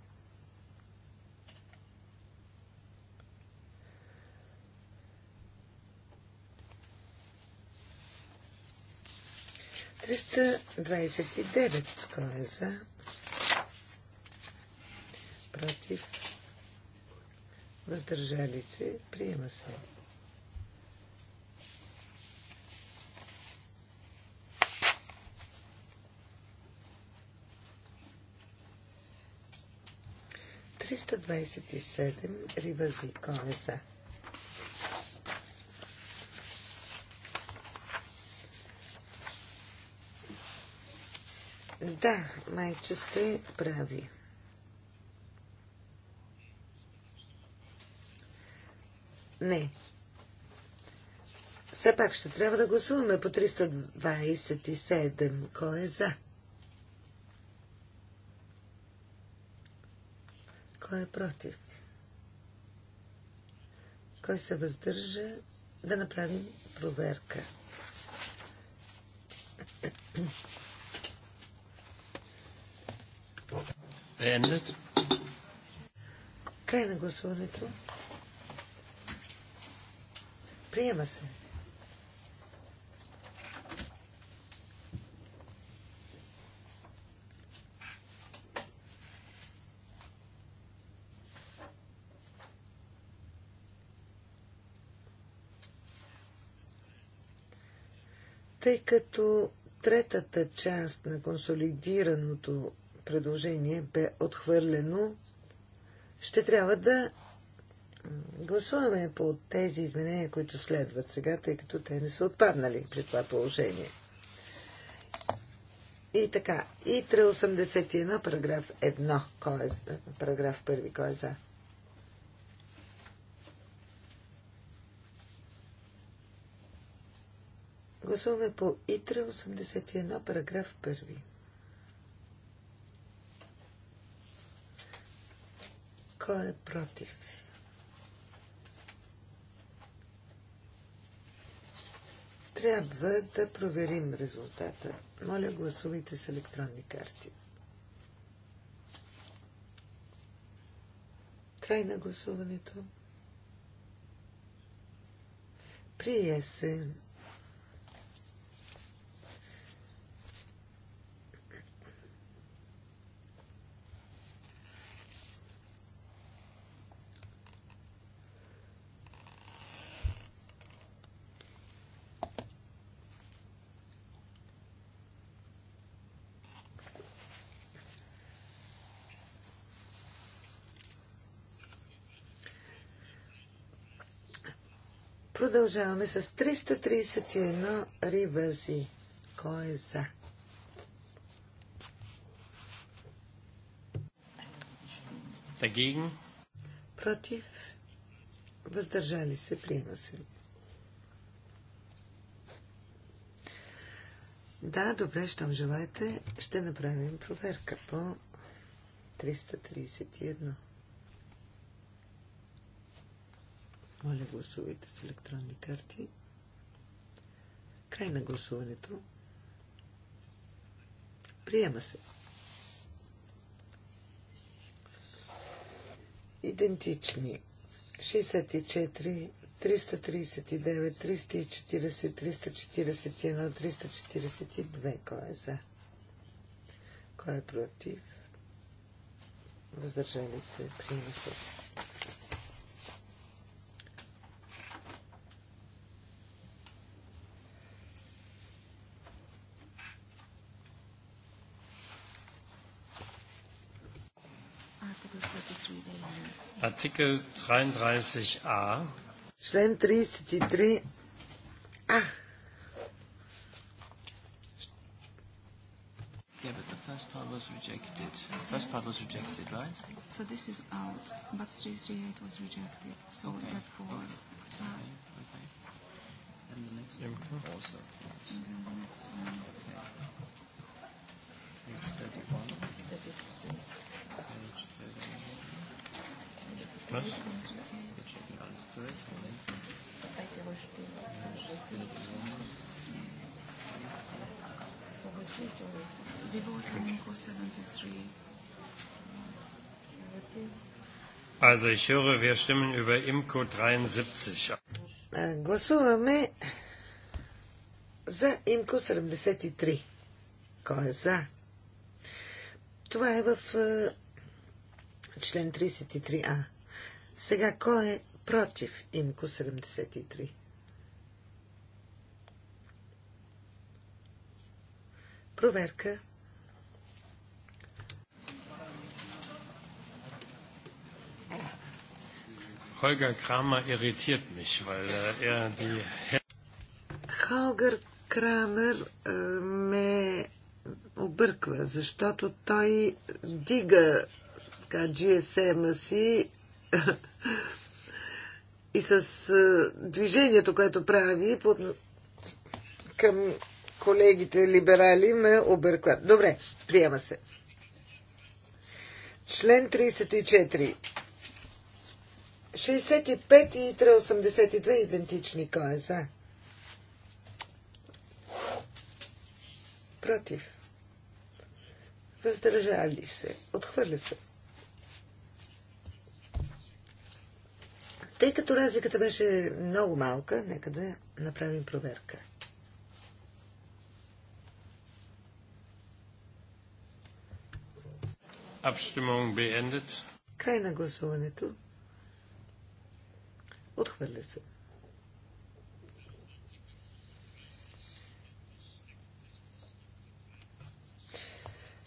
Триста двадесет и девет е за, против, въздържали се, приема се. Триста двадесет и седем ривази конеса. Да, майче сте прави. Не. Все пак ще трябва да гласуваме по 327. Кой е за? Кой е против? Кой се въздържа да направим проверка? Е, Край на гласуването. Приема се. Тъй като третата част на консолидираното предложение бе отхвърлено, ще трябва да Гласуваме по тези изменения, които следват сега, тъй като те не са отпаднали при това положение. И така, и 381, параграф 1, кой е, параграф 1, кой е за? Гласуваме по ИТРА 81, параграф 1. Кой е против? трябва да проверим резултата. Моля, гласувайте с електронни карти. Край на гласуването. Прие се Продължаваме с 331 ривази. Кой е за? Dagegen. Против. Въздържали се. Приема се. Да, добре, щом желаете, ще направим проверка по 331. Моля, гласувайте с електронни карти. Край на гласуването. Приема се. Идентични. 64, 339, 340, 341, 342. Кой е за? Кой е против? Въздържали се. Приема се. Artikel 33a. Член 33 a Yeah, but the first part was rejected. The first part was rejected, right? So this is out, but 338 was rejected. So okay. that falls. Okay. Uh, Okay. okay. And the next one also falls. And then the next one. Okay. Page 31. Page 31. Also ich höre, wir stimmen über Imco 73. Е, гласуваме за Имко 73. Кой е за? Това е в е, член 33а. Сега, кой е против Имко 73? Проверка. Holger Крамер, иритират mich, weil äh, er die... Äh, ме обърква, защото той дига така, GSM-а си и с движението, което прави под... към колегите либерали ме объркват. Добре, приема се. Член 34. 65 и 382 идентични. Кой е за? Против. Въздържали се. Отхвърля се. Тъй като разликата беше много малка, нека да направим проверка. Abstimmung beendet. Край на гласуването. Отхвърля се.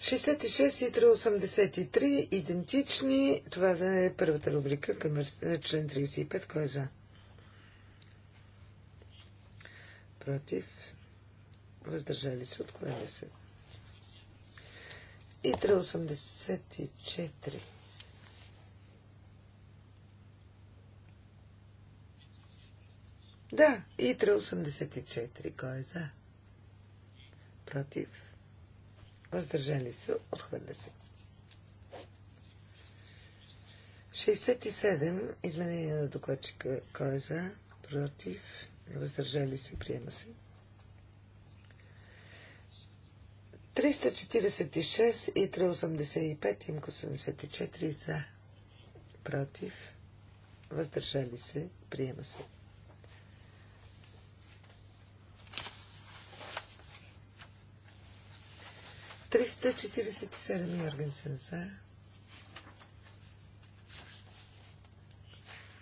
66 и 383 идентични. Това е първата рубрика към член 35. Кой е за? Против. Въздържали се. Отклали се. И 384. Да, и 384. Кой е за? Против въздържали се, отхвърля се. 67. Изменение на докладчика. Кой е за? Против? Въздържали се? Приема се. 346 и 385, имко 74 за. Против? Въздържали се? Приема се. 347 Йоргенсен за.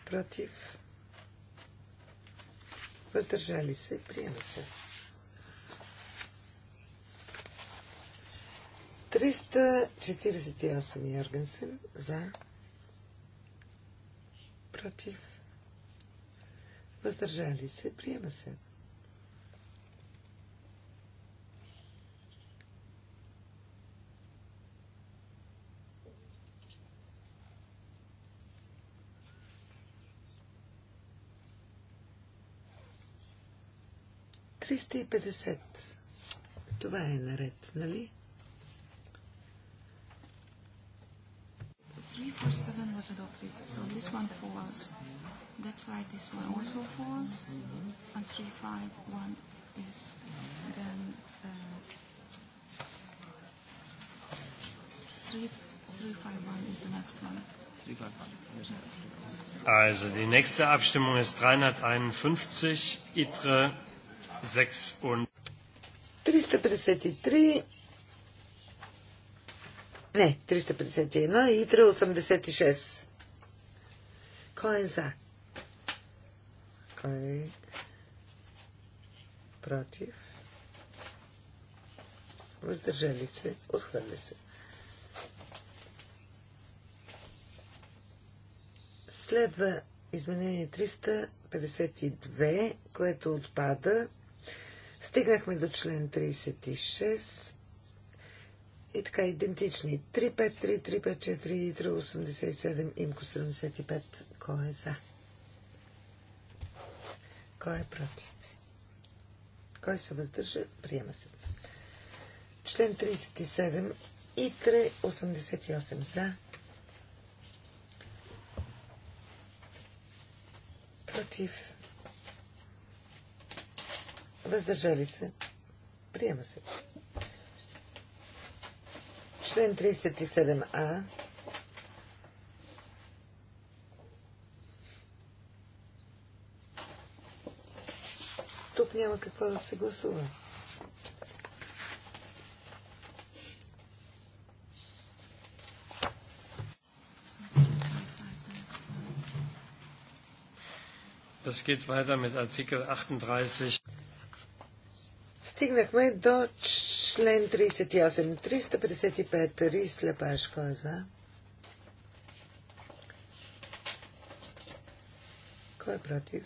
Против. Въздържали се. Приема се. 348 Йоргенсен за. Против. Въздържали се. Приема се. 350. Това е наред, нали? 347 was adopted, so this one falls. That's why this one also falls, and 351 is then uh, 3, 351 is the next one. Also die nächste Abstimmung ist 351 ITRE 353 не, 351 и 386. Кой е за? Кой е против? Въздържали се, отхвърли се. Следва изменение 352, което отпада. Стигнахме до член 36. И така, идентични. 353, 354 и 387, имко 75. Кой е за? Кой е против? Кой се въздържа? Приема се. Член 37 и 388 за. Против. Въздържали се. Приема се. Член 37а. Тук няма какво да се гласува. Das geht weiter mit Artikel 38. Стигнахме до член 38. 355. Рис Лепаш. Кой е за? Кой е против?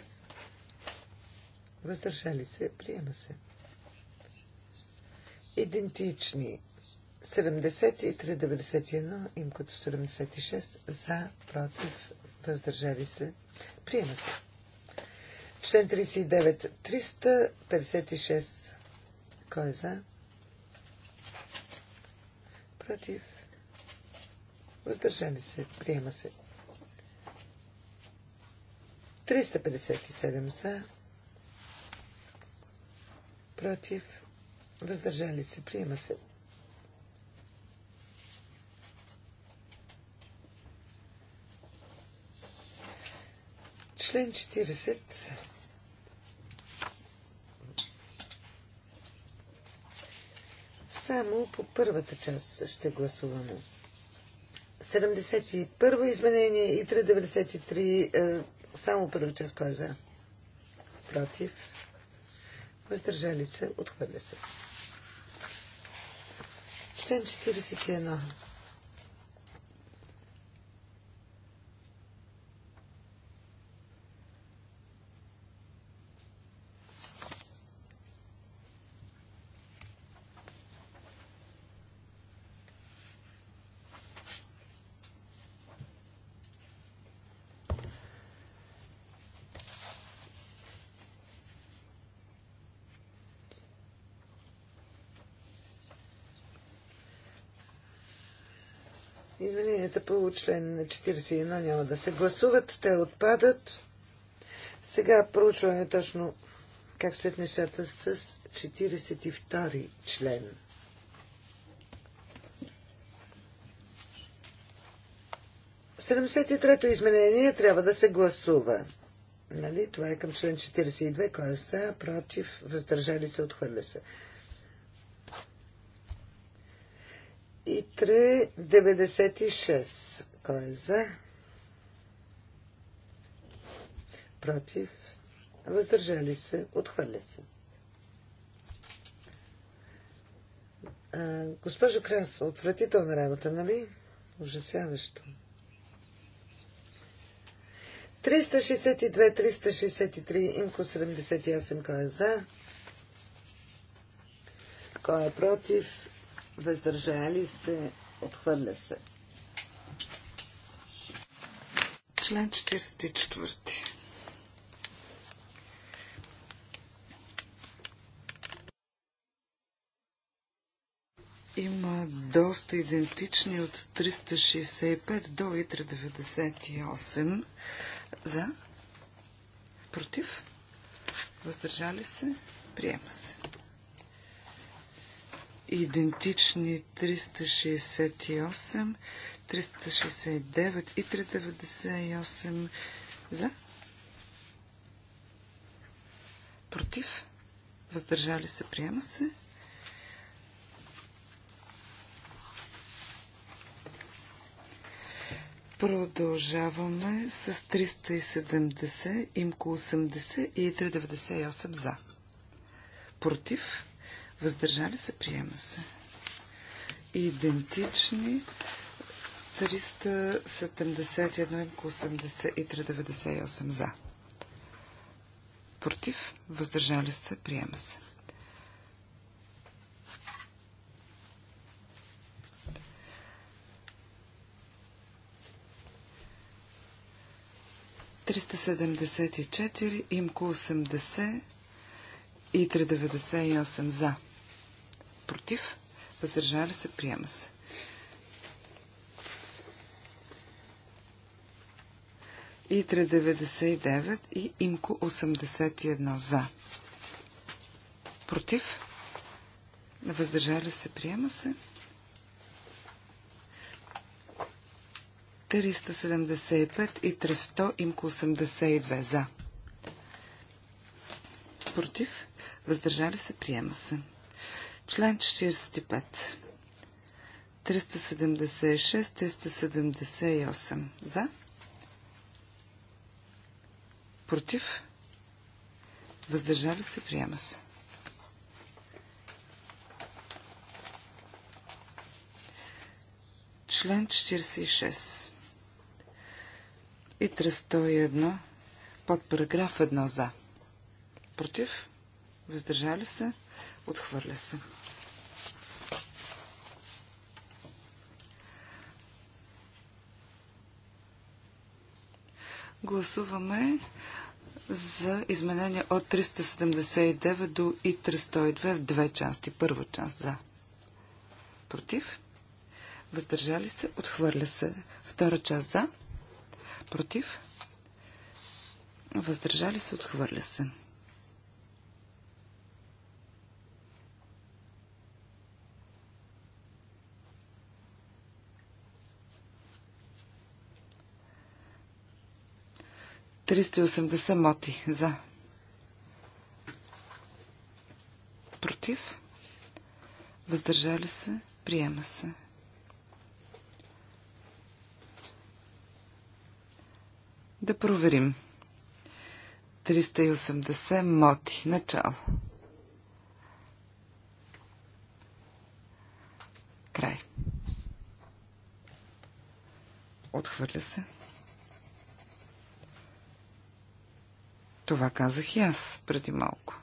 Въздържали се. Приема се. Идентични. 73-91, като 76, за, против, въздържали се. Приема се. Член 39, 356 кой е за? Против. Въздържали се. Приема се. 357 за. Против. Въздържали се. Приема се. Член 40. Само по първата част ще гласуваме. 71 изменение и 393. Е, само първа част кой е за? Против. Въздържали се. Отхвърля се. Член 41. измененията по член 41 няма да се гласуват. Те отпадат. Сега проучваме точно как стоят нещата с 42 член. Седемдесет и изменение трябва да се гласува. Нали? Това е към член 42. Кой е са, против, въздържали се, отхвърля се. 3,96. 96. Кой е за? Против. Въздържали се. Отхвърля се. госпожо Крас, отвратителна работа, нали? Ужасяващо. 362, 363, имко 78, кой е за? Кой е против? въздържали се, отхвърля се. Член 44. Има доста идентични от 365 до 398. За? Против? Въздържали се? Приема се идентични 368, 369 и 398 за. Против. Въздържали се. Приема се. Продължаваме с 370, имко 80 и 398 за. Против Въздържали се, приема се. Идентични 371 398 за. Против, въздържали се, приема се. Триста седемдесет и четири, имко осемдесет и три за против, въздържали се, приема се. И 399 и имко 81 за. Против, въздържали се, приема се. 375 и 300 имко 82 за. Против, въздържали се, приема се. Член 45. 376-378. За? Против? Въздържали се? Приема се. Член 46. И 301 под параграф 1 за. Против? Въздържали се? Отхвърля се. Гласуваме за изменение от 379 до и 302 в две части. Първа част за. Против. Въздържали се. Отхвърля се. Втора част за. Против. Въздържали се. Отхвърля се. 380 моти за. Против. Въздържали се. Приема се. Да проверим. 380 моти. Начало. Край. Отхвърля се. Това казах и аз преди малко.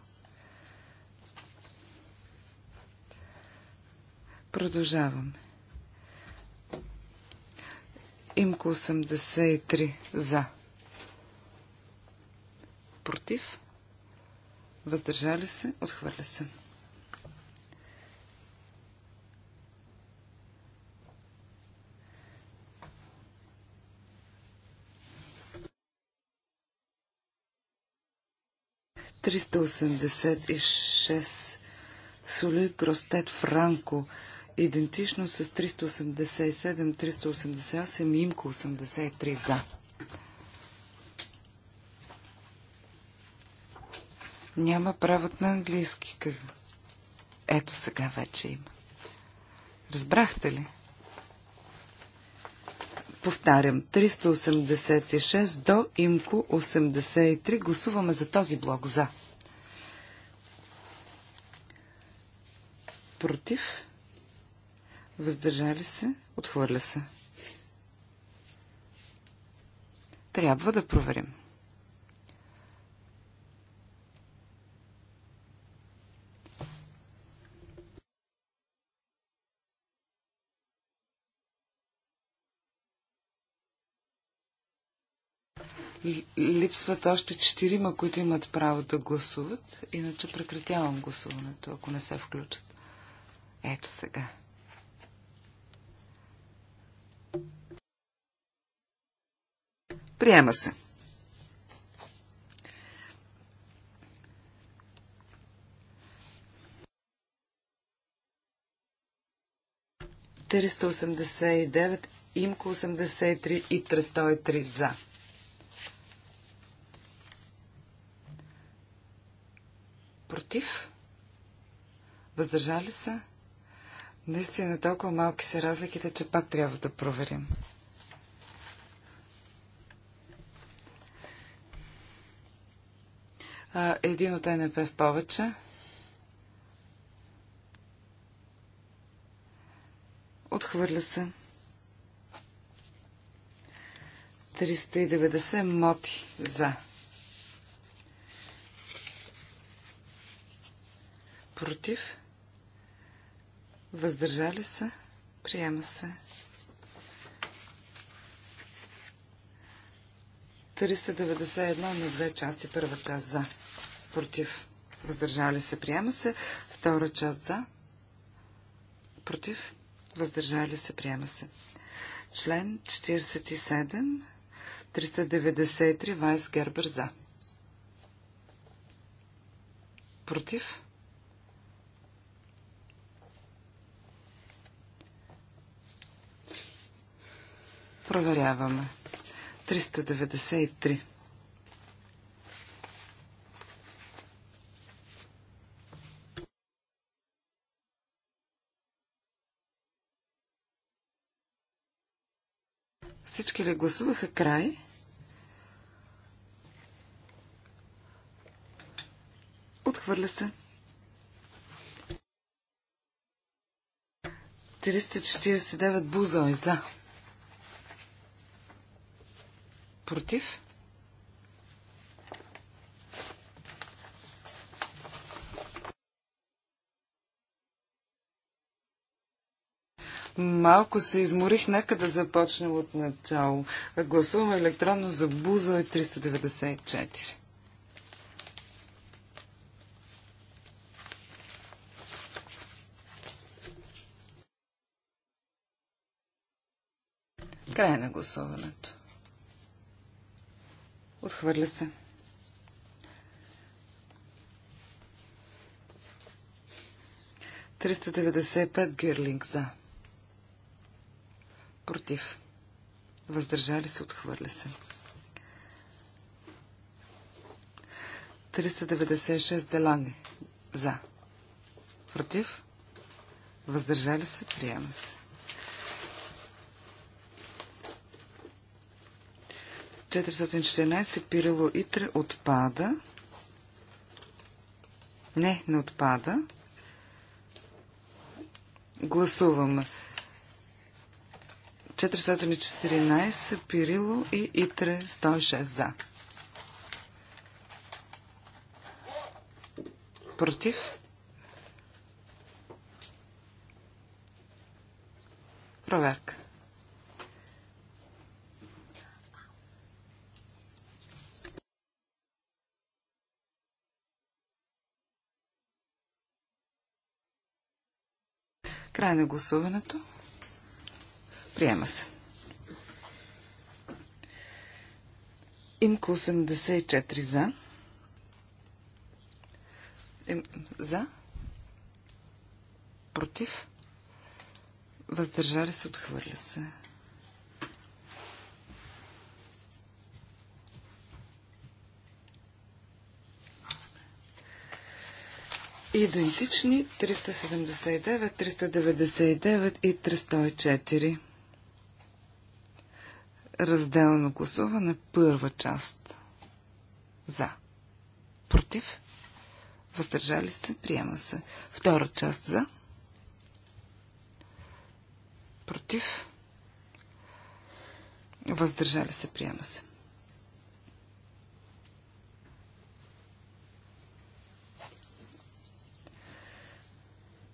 Продължаваме. Имко 83 за. Против. Въздържали се. Отхвърля се. 386 Соли Гростет Франко, идентично с 387, 388 и Имко 83 за. Няма превод на английски. Ето сега вече има. Разбрахте ли? Повтарям, 386 до имко 83. Гласуваме за този блок за. Против. Въздържали се. Отхвърля се. Трябва да проверим. Липсват още четирима, които имат право да гласуват, иначе прекратявам гласуването, ако не се включат. Ето сега. Приема се. Триста имко 83 и 303 за. Против? Въздържали са? Наистина толкова малки са разликите, че пак трябва да проверим. един от НП в повече. Отхвърля се. 390 моти за. против, въздържали се, приема се. 391 на две части. Първа част за, против, въздържали се, приема се. Втора част за, против, въздържали се, приема се. Член 47, 393, Вайс Гербер за. Против, Проверяваме. 393. Всички ли гласуваха край? Отхвърля се. 349 и за. Против? Малко се изморих, нека да започнем от начало. Гласуваме електронно за Бузо и 394. Край на гласуването. Отхвърля се. Триста деведесет пет гирлинг за. Против. Въздържали се. Отхвърля се. 396 Делани За. Против. Въздържали се. Приема се. 414 Пирило Итре отпада. Не, не отпада. Гласувам. 414 Пирило и Итре 106 за. Против? Проверка. Край на гласуването. Приема се. Имко 84 за. Им, за. Против. Въздържали се, отхвърля се. Идентични 379, 399 и 304. Разделно гласуване, първа част. За. Против. Въздържали се, приема се. Втора част за. Против. Въздържали се, приема се.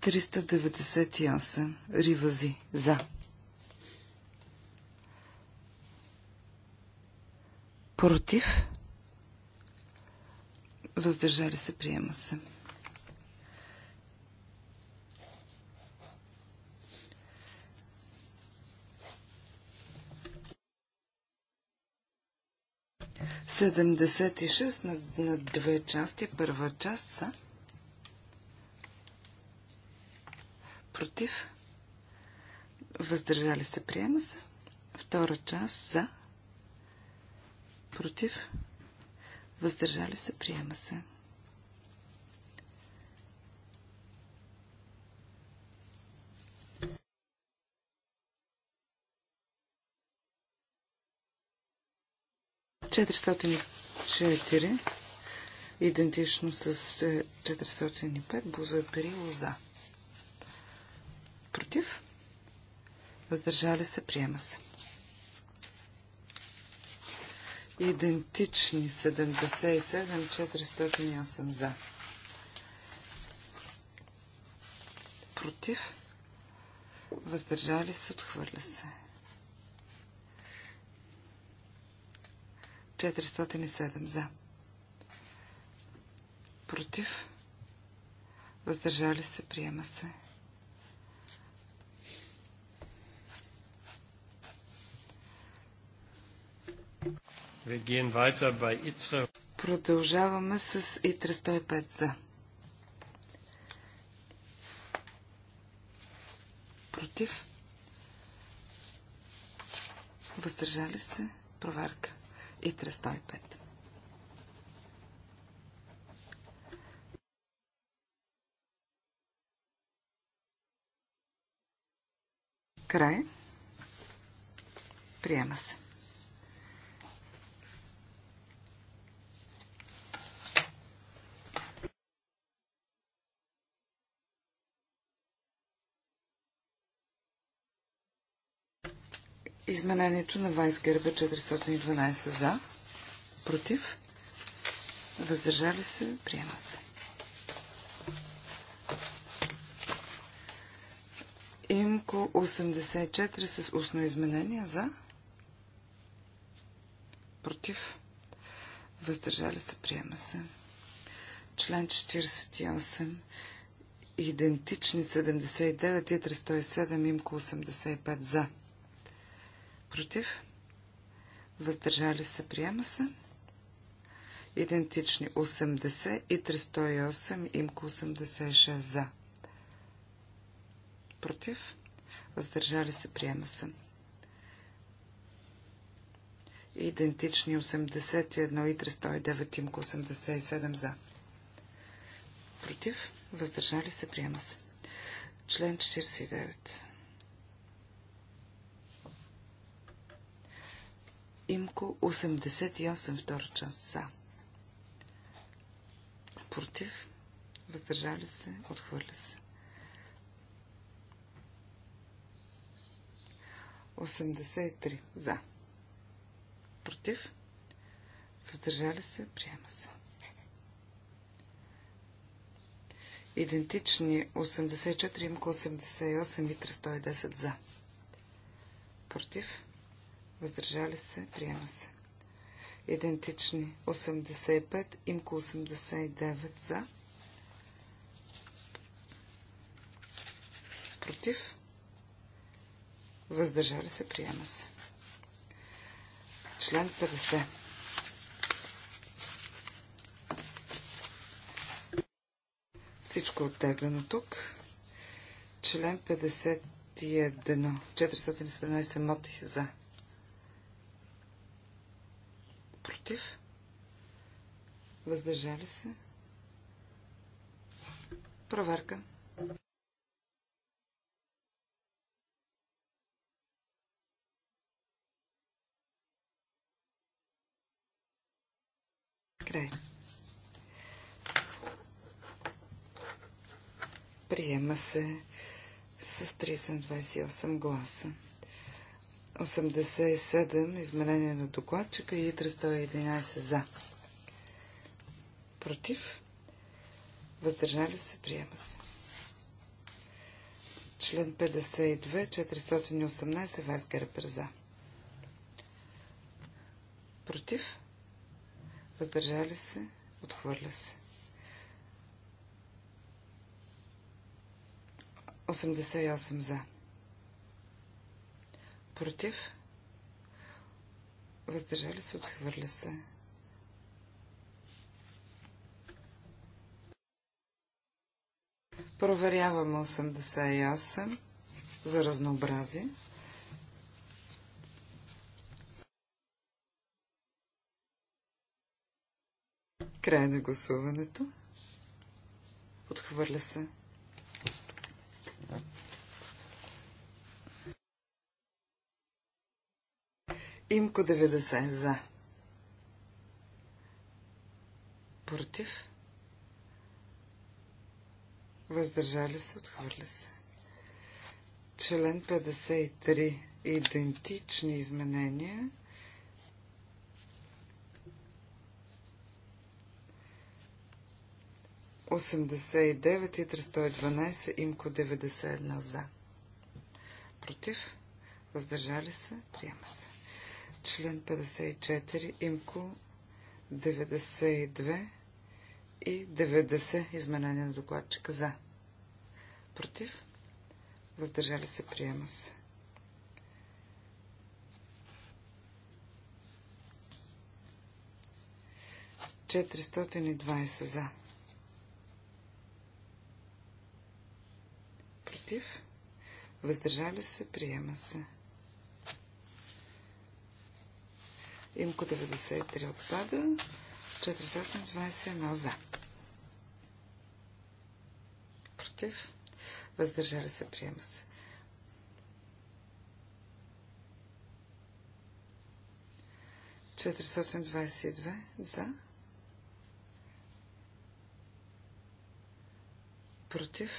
398. Ривази. За. Против. Въздържали се. Приема се. Седемдесет и шест на две части. Първа част са. против, въздържали се, приема се. Втора част за, против, въздържали се, приема се. Четиристотин идентично с 405, бузо е перило за против, въздържали се, приема се. Идентични 77-408 за. Против, въздържали се, отхвърля се. 407 за. Против, въздържали се, приема се. Продължаваме с ИТРА 105 за. Против. Въздържали се. Проверка. ИТРА 105. Край. Приема се. Изменението на Вайс Гърба 412 за. Против. Въздържали се. Приема се. Имко 84 с устно изменение за. Против. Въздържали се. Приема се. Член 48 идентични 79, и 307, Имко 85 за против, въздържали се, приема се. Идентични 80 и 308, имко 86 за. Против, въздържали се, приема се. Идентични 81 и 309, имко 87 за. Против, въздържали се, приема се. Член 49. Имко 88, втора част за. Против. Въздържали се. Отхвърля се. 83 за. Против. Въздържали се. Приема се. Идентични 84, имко 88 и 310 за. Против въздържали се, приема се. Идентични 85, имко 89 за, против, въздържали се, приема се. Член 50. Всичко е оттеглено тук. Член 51. 417 моти за. против, въздържали се. Проверка. Край. Приема се с 328 гласа. 87 изменение на докладчика и 311 за. Против. Въздържали се, приема се. Член 52, 418, Вайсгерпер за. Против. Въздържали се, отхвърля се. 88 за. Против. Въздържали се, отхвърля се. Проверяваме 88 за разнообразие. Край на гласуването. Отхвърля се. Имко 90 за. Против. Въздържали се, отхвърля се. Член 53. Идентични изменения. Осемдесет и девет и имко 91 едно за. Против, въздържали се, приема се член 54, имко 92 и 90 изменения на докладчика за. Против? Въздържали се, приема се. Четиристотин и двайсет за. Против? Въздържали се, приема се. Имко 93 отпада. 421 за. Против. Въздържали се. Приема се. Четиристотин за. Против.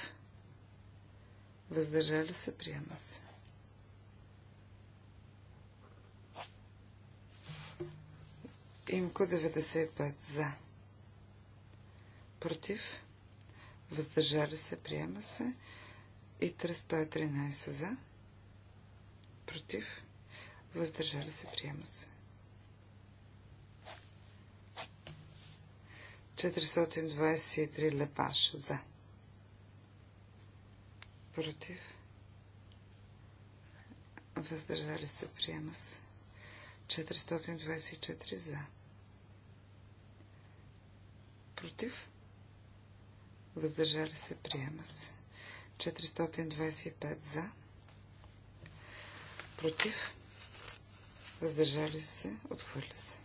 Въздържали се. Приема се. Имко 95 за. Против. Въздържали се. Приема се. И 313 за. Против. Въздържали се. Приема се. 423 лепаш за. Против. Въздържали се. Приема се. 424 за Против. Въздържали се. Приема се. 425 за. Против. Въздържали се. Отхвърля се.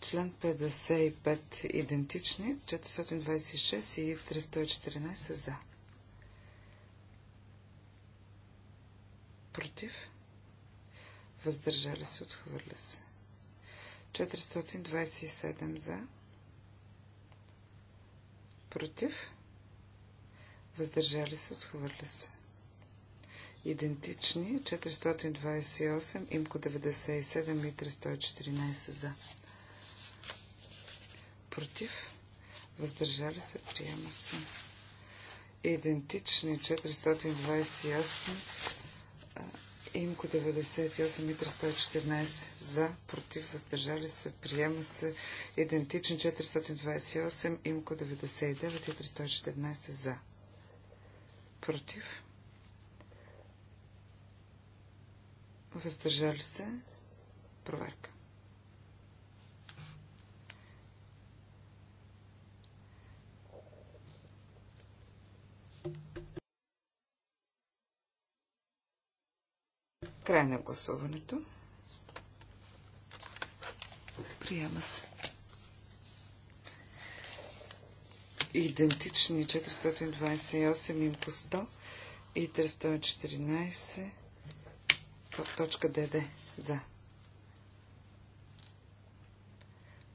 Член 55 идентични. 426 и 314 за. Против. Въздържали се. Отхвърля се. 427 за Против. Въздържали се. Отхвърля се. Идентични. 428, имко 97 и 314 за. Против. Въздържали се. Приема се. Идентични. 428 Имко 98 и 314 за, против, въздържали се, приема се. Идентичен 428, Имко 99 и 314 за. Против. Въздържали се. Проверка. Край на гласуването. Приема се. Идентични 428 по 100 и 314 точка ДД за.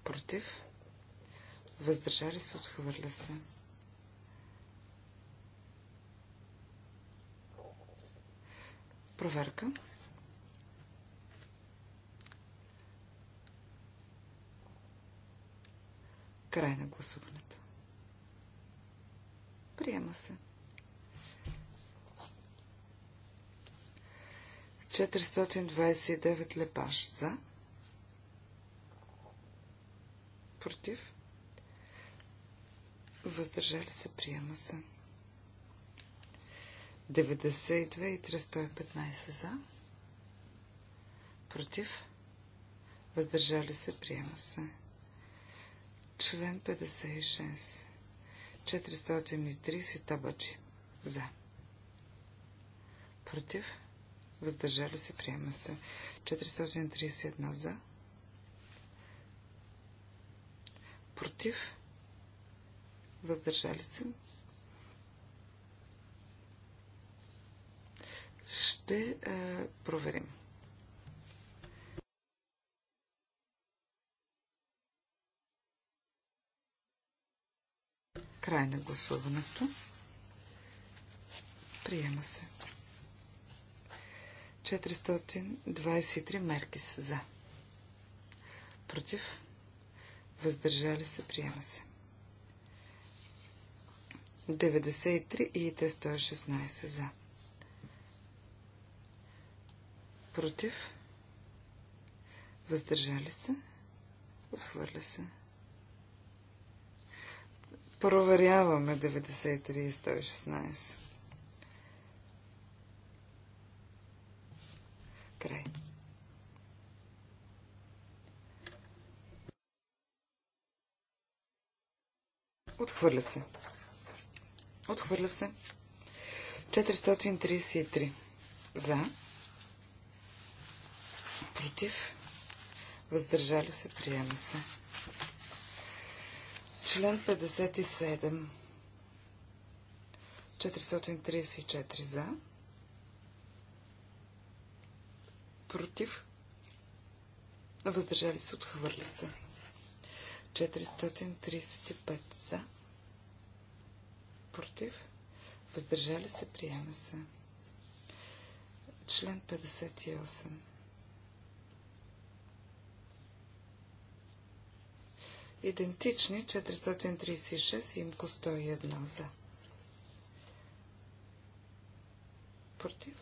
Против. Въздържали се, отхвърля се. Проверка. Край на гласуването. Приема се. 429 лепаш за. Против. Въздържали се. Приема се. 92 и 315 за. Против. Въздържали се. Приема се. Член 56. 430 табачи. За. Против. Въздържали се. Приема се. 431 за. Против. Въздържали се. Ще е, проверим. Край на гласуването. Приема се. 423 мерки са за. Против. Въздържали се. Приема се. 93 и те 116 за. Против. Въздържали се. Отхвърля се. 1. Проверяваме 93 и 116. Край. Отхвърля се. Отхвърля се. 433. За. Против. Въздържали се. Приема се. Член 57. 434 за. Против. Въздържали се, отхвърли се. 435 за. Против. Въздържали се, приема се. Член 58. идентични 436 и имко 101 за. Против.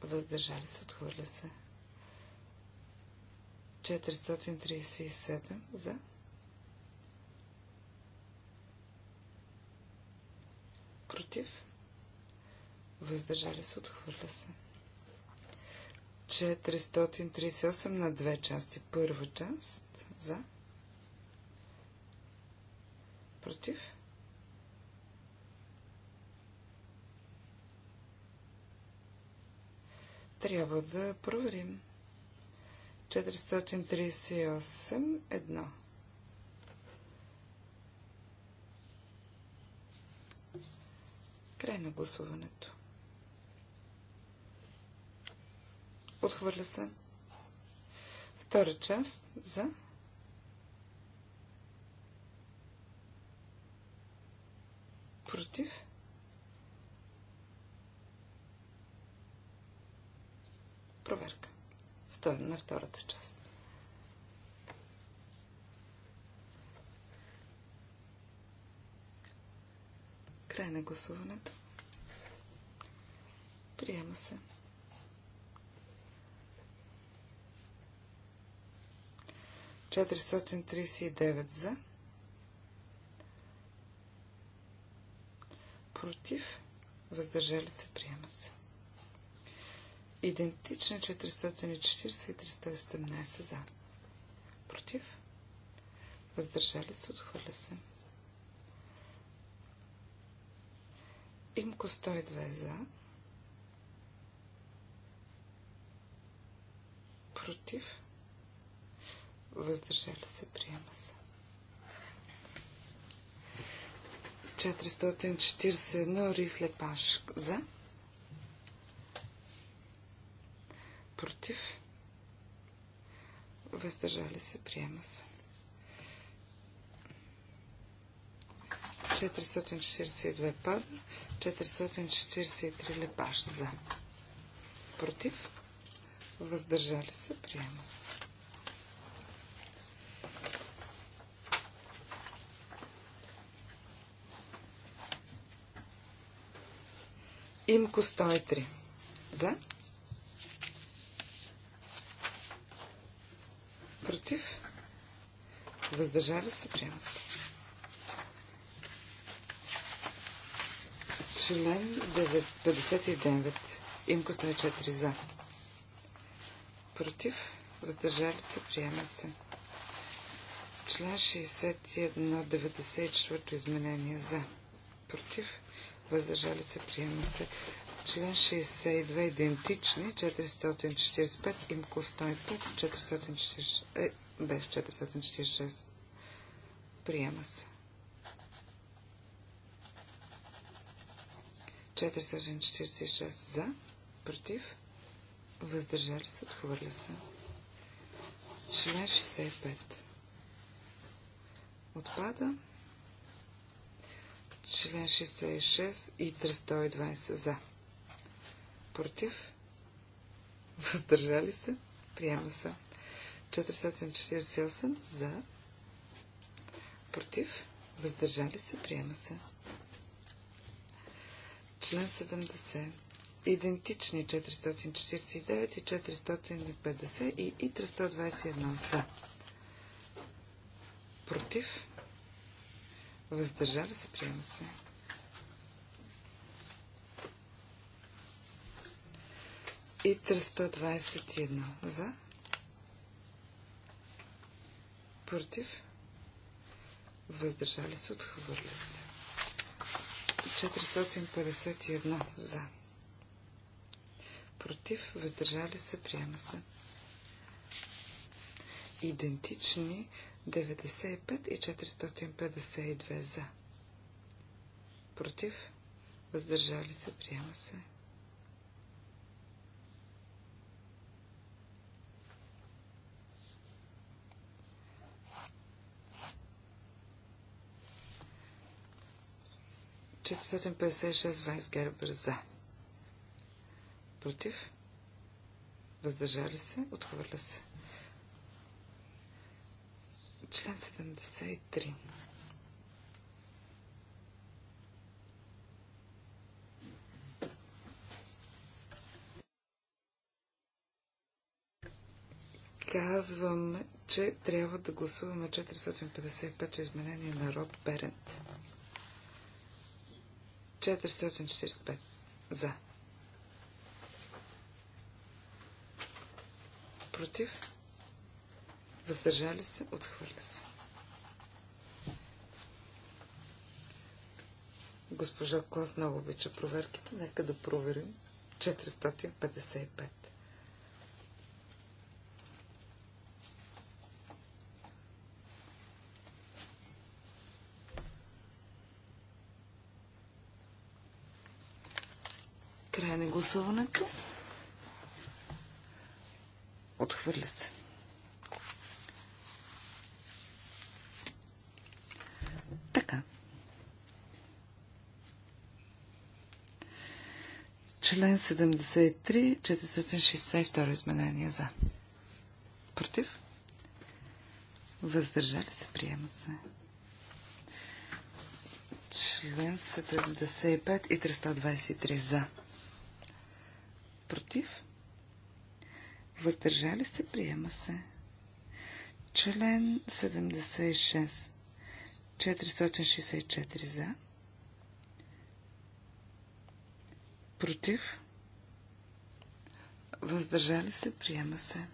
Въздържали се, отхвърля се. 437 за. Против. Въздържали се, отхвърля се. 438 на две части. Първа част за Против. Трябва да проверим. 438 едно. Край на гласуването. Отхвърля се. Втора част за Против. Проверка. Втор, на втората част. Край на гласуването. Приема се. Четиристотин за. против, въздържали се, приема се. Идентични 440 и 317 за. Против, въздържали се, отхвърля се. Имко 102 за. Против, въздържали се, приема се. 441 Рис Лепаш. За? Против? Въздържали се. Приема се. 442 пада. 443 Лепаш. За? Против? Въздържали се. Приема се. Имко 103. За. Против. Въздържали се. Приема се. Член 59. Имко 104. За. Против. Въздържали се. Приема се. Член 61. 94 изменение. За. Против въздържали се, приема се. Член 62 е идентични, 445, имко 105, е, без 446. Приема се. 446 за, против, въздържали се, отхвърля се. Член 65. Отпада. Член 66 и 320 за. Против? Въздържали се? Приема се. 448 за. Против? Въздържали се? Приема се. Член 70. Идентични 449 и 450 и, 321 за. Против? Въздържали се, приема се. И 321 за. Против. Въздържали се, отхвърля се. 451 за. Против, въздържали се, приема се. Идентични 95 и 452 за. Против. Въздържали се. Приема се. Четиристотин Вайсгербер за. Против. Въздържали се. Отхвърля се. Член 73. Казвам, че трябва да гласуваме 455 то изменение на Род Берент. 445. За. Против? въздържали се, отхвърля се. Госпожа Клас много обича проверките. Нека да проверим. 455. Край на гласуването. Отхвърля се. Член 73, 462 изменение за. Против? Въздържали се, приема се. Член 75 и 323 за. Против? Въздържали се, приема се. Член 76. 464 за. Против. Въздържали се. Приема се.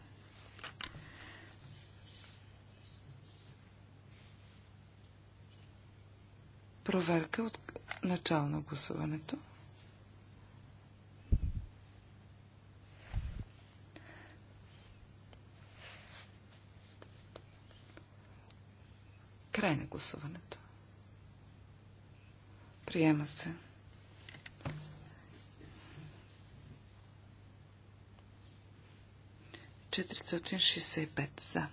Проверка от начало на гласуването. Край на гласуването. Приема се. 465 за.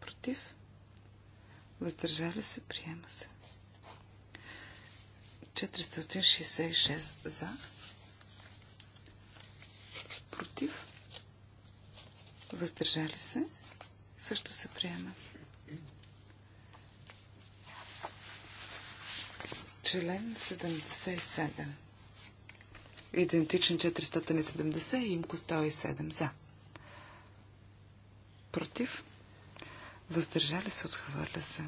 Против. Въздържали се. Приема се. 466 за. Против. Въздържали се. Също се приема. Член 77. Идентичен 470 и имко 107 за. Против. Въздържали се, отхвърля се.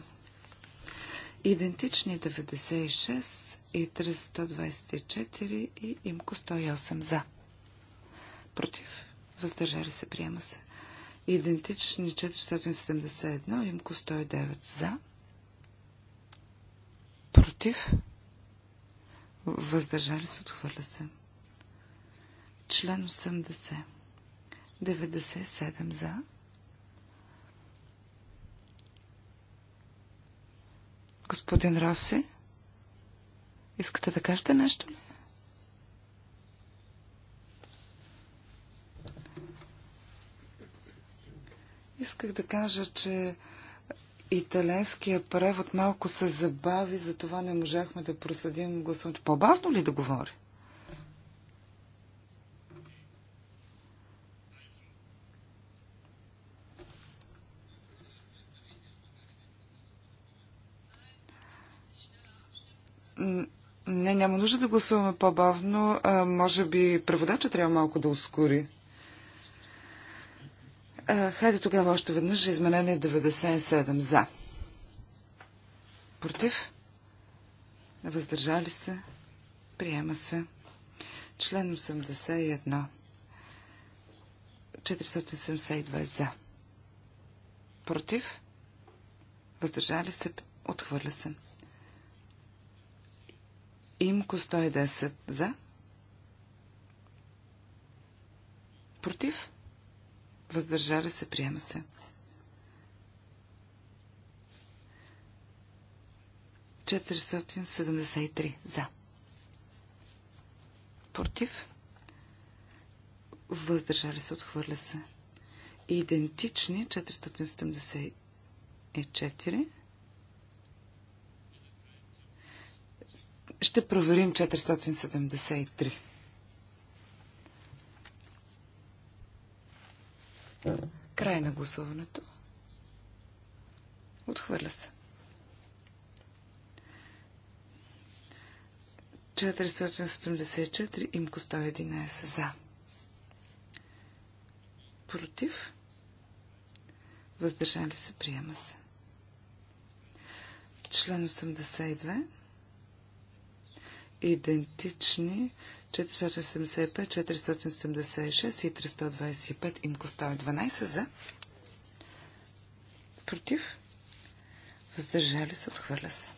Идентични 96 и 324 и имко 108 за. Против. Въздържали се, приема се. Идентични 471 и имко 109 за. Против. Въздържали се, отхвърля се. Член 80. 97 за. Господин Роси, искате да кажете нещо ли? Исках да кажа, че италенския превод малко се забави, затова не можахме да проследим гласуването. По-бавно ли да говори? Не, няма нужда да гласуваме по-бавно. може би преводача трябва малко да ускори. А, хайде тогава още веднъж изменение 97 за. Против? Въздържали се? Приема се. Член 81. 472 за. Против? Въздържали се? Отхвърля се. Имко 110 за. Против. Въздържали се. Приема се. 473 за. Против. Въздържали се. Отхвърля се. Идентични 474. Ще проверим 473. Край на гласуването. Отхвърля се. 474, имко 111 за. Против. Въздържали се, приема се. Член 82 идентични 475, 476 и 325 имко 112 за. Против. Въздържали се, отхвърля се.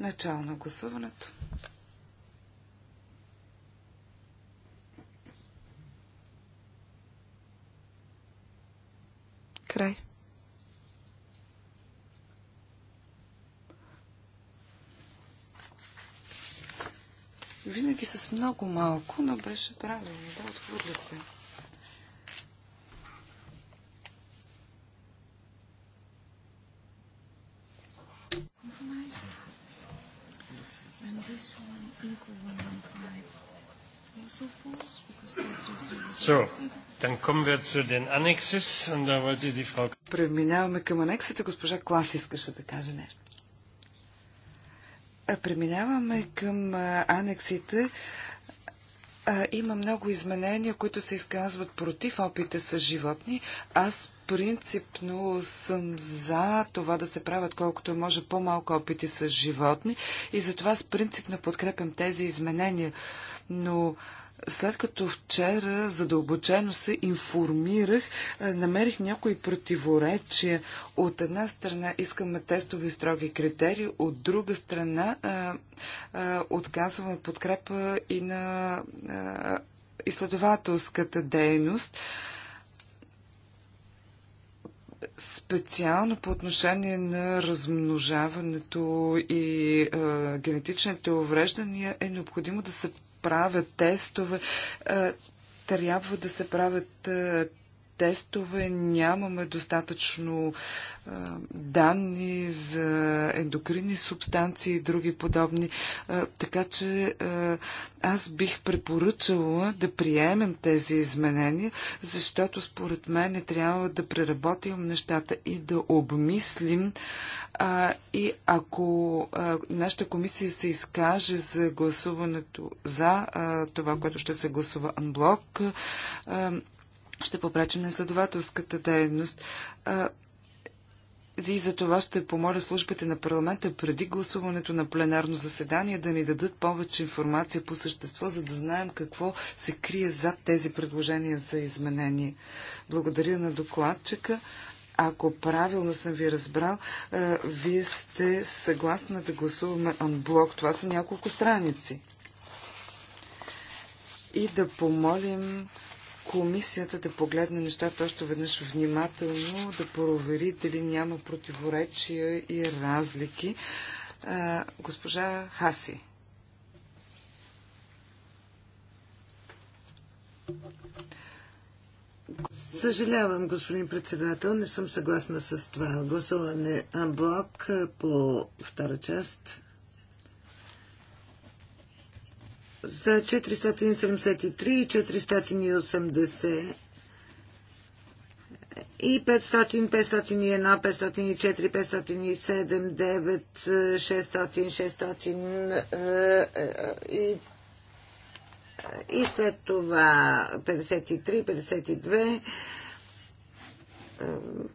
Начало на гласуването. Край. много малко, но беше правилно. Да, отхвърли се. So, dann kommen wir zu den Annexes und da wollte die Frau... Преминаваме към анексите. Госпожа Клас искаше да каже нещо. Преминаваме към анексите. Има много изменения, които се изказват против опита с животни. Аз принципно съм за това да се правят колкото е може по-малко опити с животни и затова с принцип не подкрепям тези изменения. Но след като вчера задълбочено се информирах, е, намерих някои противоречия. От една страна искаме тестови строги критерии, от друга страна е, е, отказваме подкрепа и на изследователската дейност специално по отношение на размножаването и е, генетичните увреждания е необходимо да се правят тестове. Трябва да се правят тестове, нямаме достатъчно а, данни за ендокринни субстанции и други подобни. А, така че а, аз бих препоръчала да приемем тези изменения, защото според мен не трябва да преработим нещата и да обмислим. А, и ако а, нашата комисия се изкаже за гласуването за а, това, което ще се гласува анблок, а, ще попречим на изследователската дейност. И за това ще помоля службите на парламента преди гласуването на пленарно заседание да ни дадат повече информация по същество, за да знаем какво се крие зад тези предложения за изменение. Благодаря на докладчика. Ако правилно съм ви разбрал, вие сте съгласна да гласуваме анблок. Това са няколко страници. И да помолим комисията да погледне нещата още веднъж внимателно, да провери дали няма противоречия и разлики. А, госпожа Хаси. Съжалявам, господин председател, не съм съгласна с това гласуване блок по втора част за 473 и 480 и 500, 501, 504, 507, 9, 600, 600 и, и след това 53, 52. Е,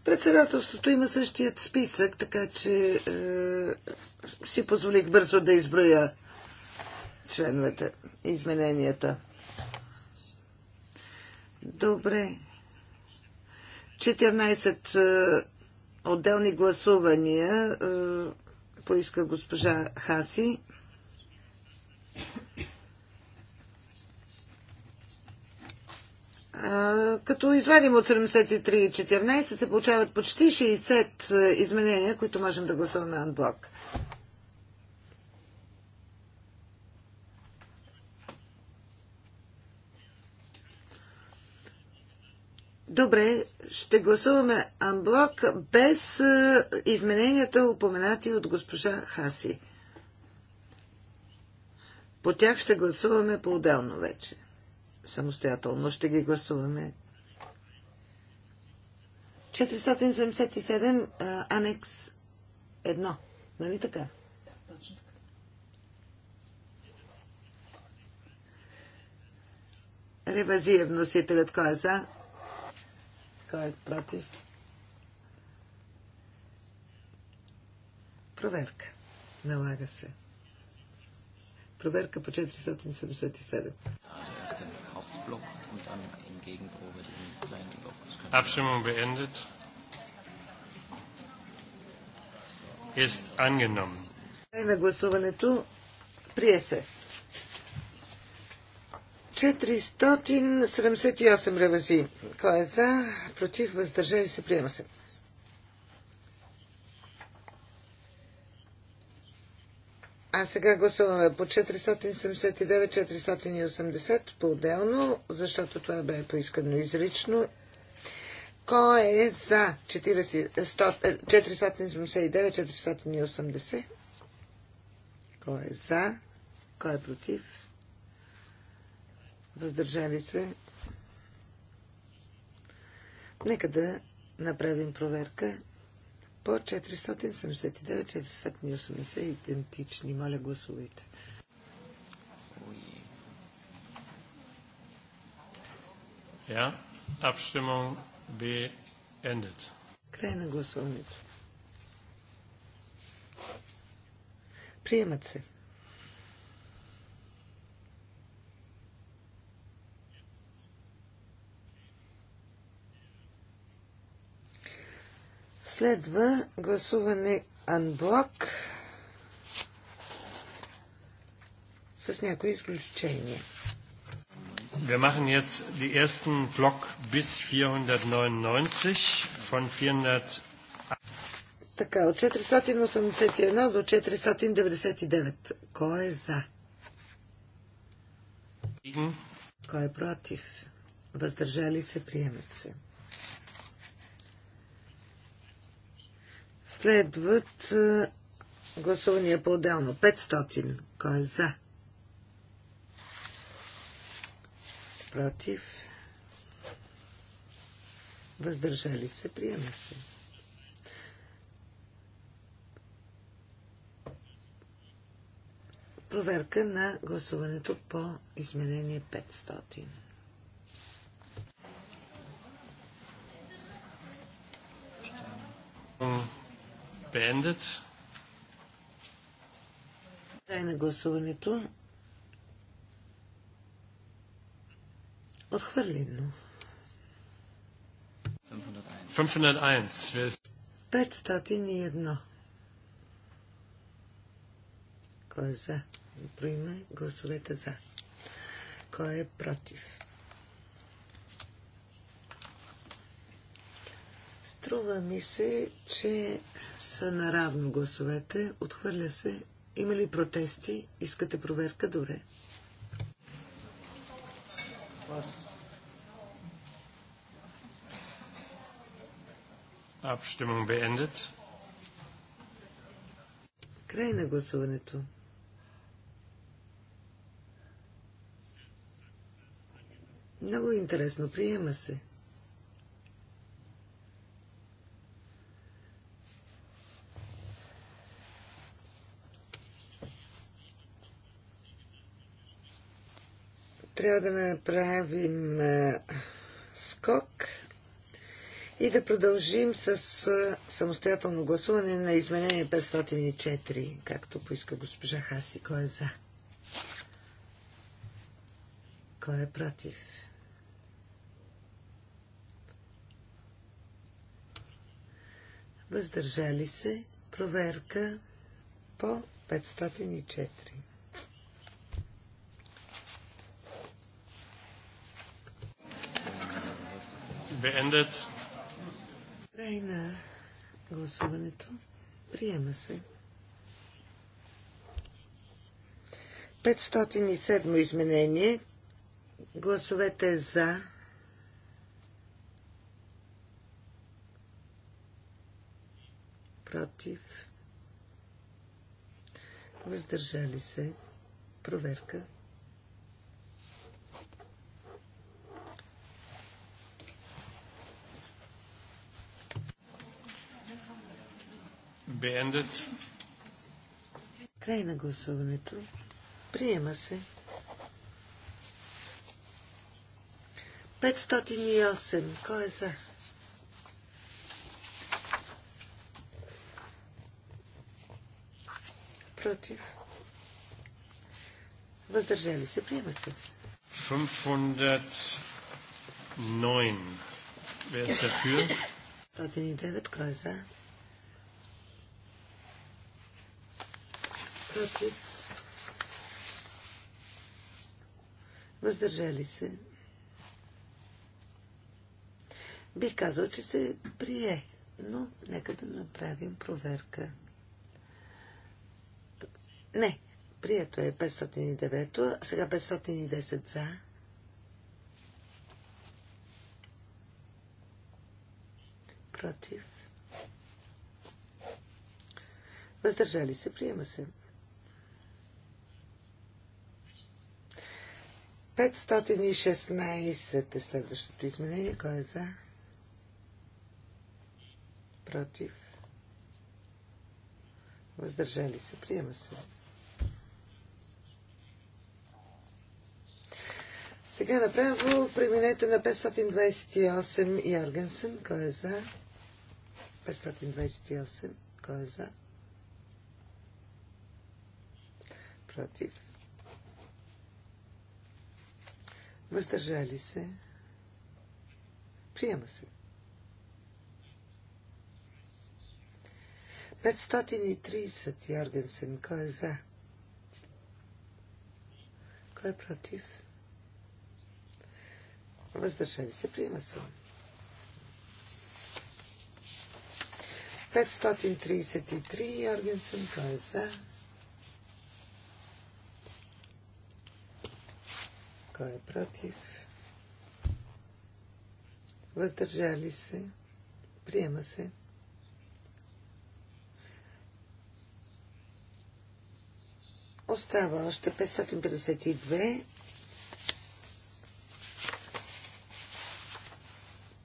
председателството има същият списък, така че е, си позволих бързо да изброя членовете, измененията. Добре. 14 е, отделни гласувания е, поиска госпожа Хаси. Е, като извадим от 73 и 14, се получават почти 60 изменения, които можем да гласуваме анблок. Добре, ще гласуваме Анблок без е, измененията, упоменати от госпожа Хаси. По тях ще гласуваме по-отделно вече. Самостоятелно ще ги гласуваме. 477 е, анекс 1. Нали така? точно така. Ревазия вносителят. Кой е за? Кой е против? Проверка. Налага се. Проверка по 477. Abstimmung beendet. Ist angenommen. На гласуването прие се. 478 ревази. Кой е за? Против? Въздържали се? Приема се. А сега гласуваме по 479-480 по-отделно, защото това бе поискано изрично. Кой е за 479-480? Е, Кой е за? Кой е против? въздържали се. Нека да направим проверка по 479-480 идентични. Моля, гласувайте. Ja, Abstimmung beendet. Kleine на гласуването. Приемат се. Следва гласуване анблок с някои изключения. Wir machen jetzt die ersten Block bis 499 von 400. Така, от 481 до 499. Кой е за? Кой е против? Въздържали се, приемат се. Следват гласувания по-отделно. 500. Кой е за? Против. Въздържали се. Приема се. Проверка на гласуването по изменение 500. Mm beendet. Дай на гласуването. Отхвърлено. 501. 501. Кой е за? Проима гласовете за. Кой е против? Струва ми се, че са наравно гласовете. Отхвърля се. Има ли протести? Искате проверка? Добре. Край на гласуването. Много интересно. Приема се. трябва да направим скок и да продължим с самостоятелно гласуване на изменение 504, както поиска госпожа Хаси. Кой е за? Кой е против? Въздържали се проверка по 504. beendet. Край на гласуването. Приема се. 507 изменение. Гласовете за. Против. Въздържали се. Проверка. beendet. Край на гласуването. Приема се. 508. Кой е за? Против. Въздържали се. Приема се. 509. Wer ist dafür? 509. Кой е за? против, въздържали се. Бих казал, че се прие, но нека да направим проверка. Не, прието е 509, а сега 510 за. Против. Въздържали се, приема се. 516 е следващото изменение. Кой е за? Против. Въздържали се. Приема се. Сега направо преминете на 528 Йоргенсен. Кой е за? 528. Кой е за? Против. Въздържали се. Приема се. 530 Йоргенсен. Кой е за? Кой е против? Въздържали се. Приема се. 533 Йоргенсен. Кой е за? Кой е против? Въздържали се. Приема се. Остава още 552.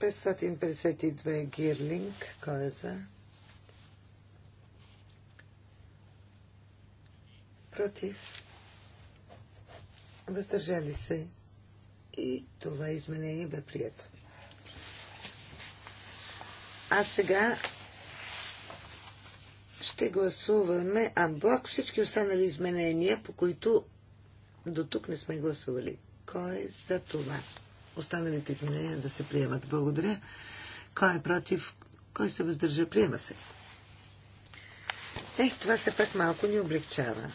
552 гирлинг. Кой е за? Против въздържали се и това изменение бе прието. А сега ще гласуваме амблок всички останали изменения, по които до тук не сме гласували. Кой е за това? Останалите изменения да се приемат. Благодаря. Кой е против? Кой се въздържа? Приема се. Ех, това се пак малко ни облегчава.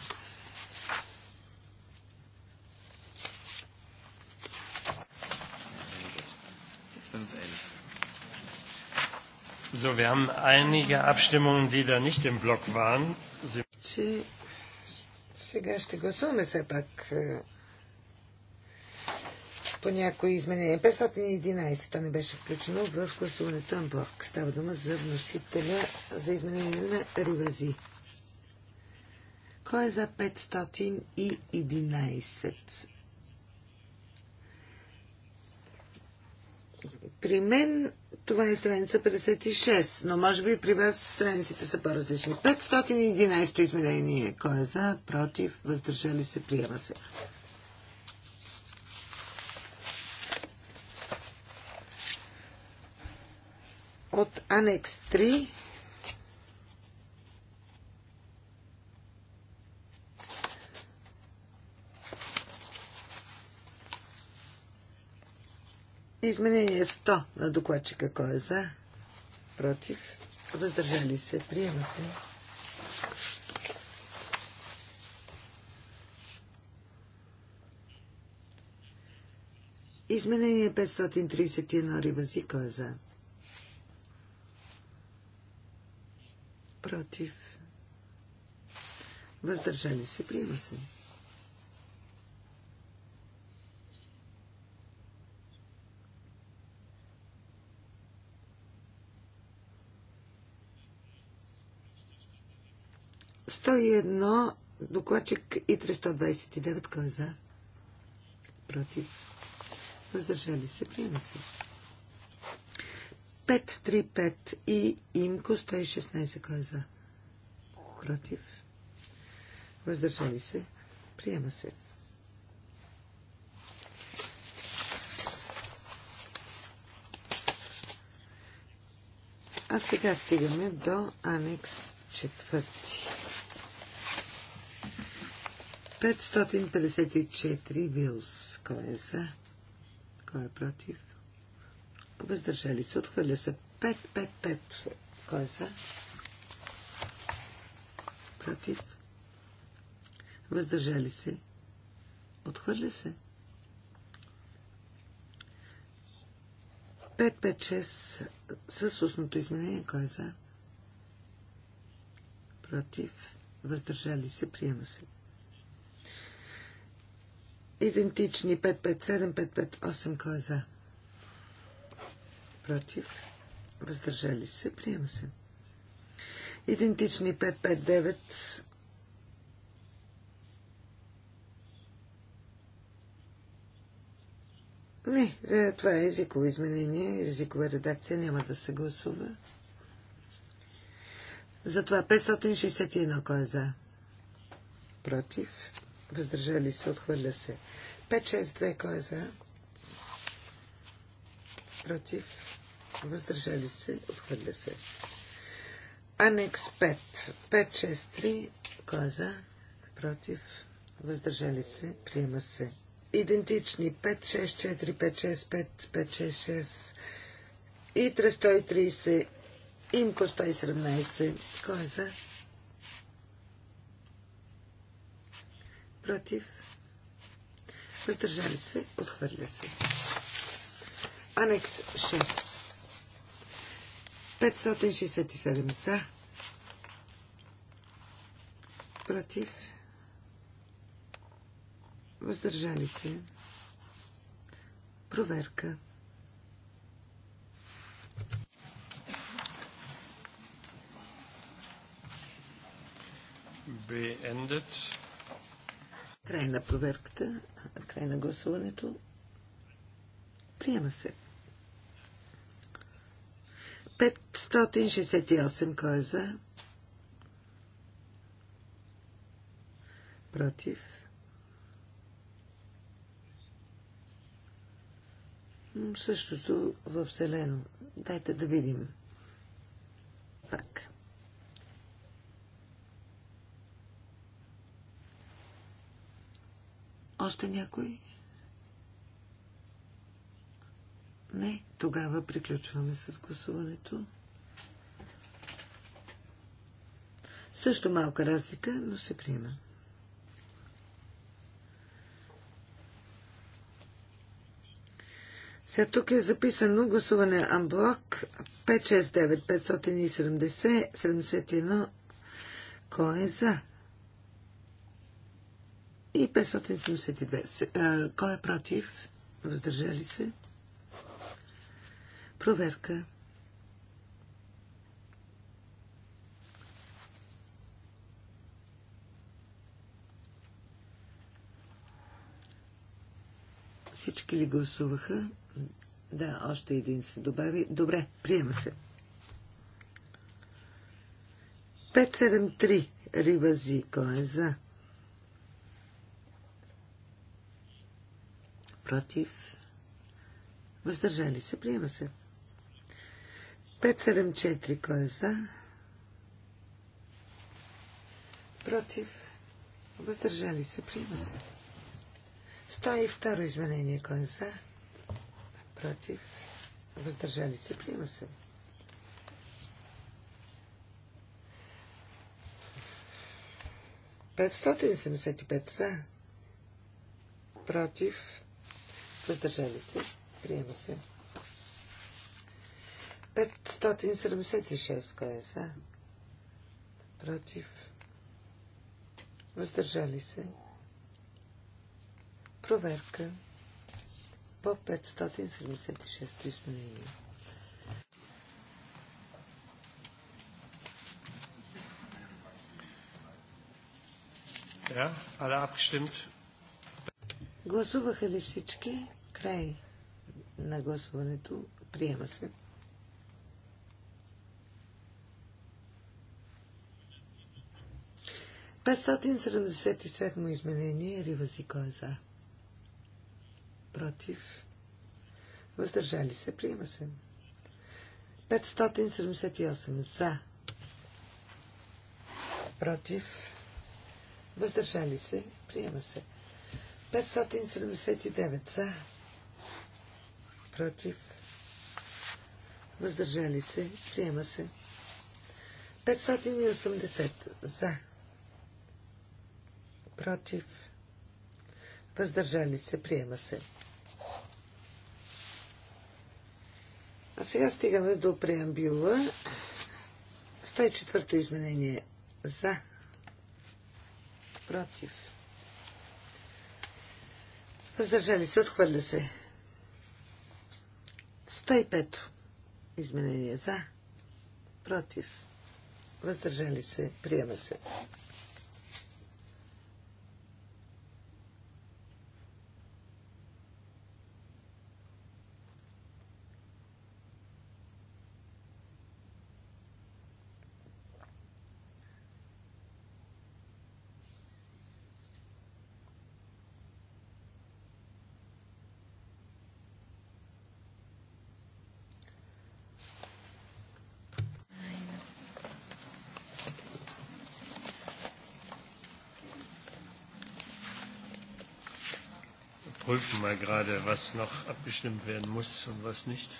So, wir haben einige Abstimmungen, die da nicht im Block waren. Сега ще гласуваме все пак е, по някои изменения. 511 то не беше включено в гласуването на блок. Става дума за вносителя за изменение на Ривази. Кой е за 511? При мен това е страница 56, но може би при вас страниците са по-различни. 511 изменение. Кой е за, против, въздържали се, приема се. От анекс 3 Изменение 100 на докладчика. Кой е за? Против. Въздържали се. Приема се. Изменение 531 Ривази. Кой е за? Против. Въздържали се. Приема се. 101 докладчик и 329. Кой е за? Против. Въздържали се. Приема се. 535 и имко 116. Кой е за? Против. Въздържали се. Приема се. А сега стигаме до анекс четвърти. 554 Вилс. Кой е за? Кой е против? Въздържали се. Отхвърля се. 555. Кой е за? Против. Въздържали се. Отхвърля се. 556 с устното изменение. Кой е за? Против. Въздържали се. Приема се идентични 557, 558, кой е за? Против. Въздържали се. Приема се. Идентични 559. Не, е, това е езиково изменение. Езикова редакция няма да се гласува. Затова 561 кой е за? Против въздържали се, отхвърля се. 5-6-2, кой е за? Против, въздържали се, отхвърля се. Анекс 5, 5-6-3, кой е за? Против, въздържали се, приема се. Идентични 5-6-4, 5-6-5, 5-6-6 и 330, имко 117, кой е за? против, въздържали се, отхвърля се. Анекс 6. 567 за, против, въздържали се, проверка. ended. Край на проверката, край на гласуването. Приема се. 568, кой е за? Против. Същото в зелено. Дайте да видим. Пак. Още някой? Не, тогава приключваме с гласуването. Също малка разлика, но се приема. Сега тук е записано гласуване Амблок 569 570 71. Кой е за? И 572. Кой е против? Въздържали се? Проверка. Всички ли гласуваха? Да, още един се добави. Добре, приема се. 573. Ривази. Кой е за? против, въздържали се, приема се. 574, кой е за? Против, въздържали се, приема се. Ста и второ изменение, кой е за? Против, въздържали се, приема се. Петстотин за, против, Въздържали се. Приема се. 576. кое е за? Против. Въздържали се. Проверка по 576 изменение. Ja, alle abgestimmt. Гласуваха ли всички? Край на гласуването. Приема се. Петстотин изменение. кой е за. Против. Въздържали се. Приема се. 578 за. Против. Въздържали се. Приема се. 579 за. Против. Въздържали се. Приема се. 580 за. Против. Въздържали се. Приема се. А сега стигаме до преамбюла. 104-то изменение. За. Против Въздържали се, отхвърля се. 105. Изменение за. Против. Въздържали се. Приема се. mal gerade, was noch abgestimmt werden muss und was nicht.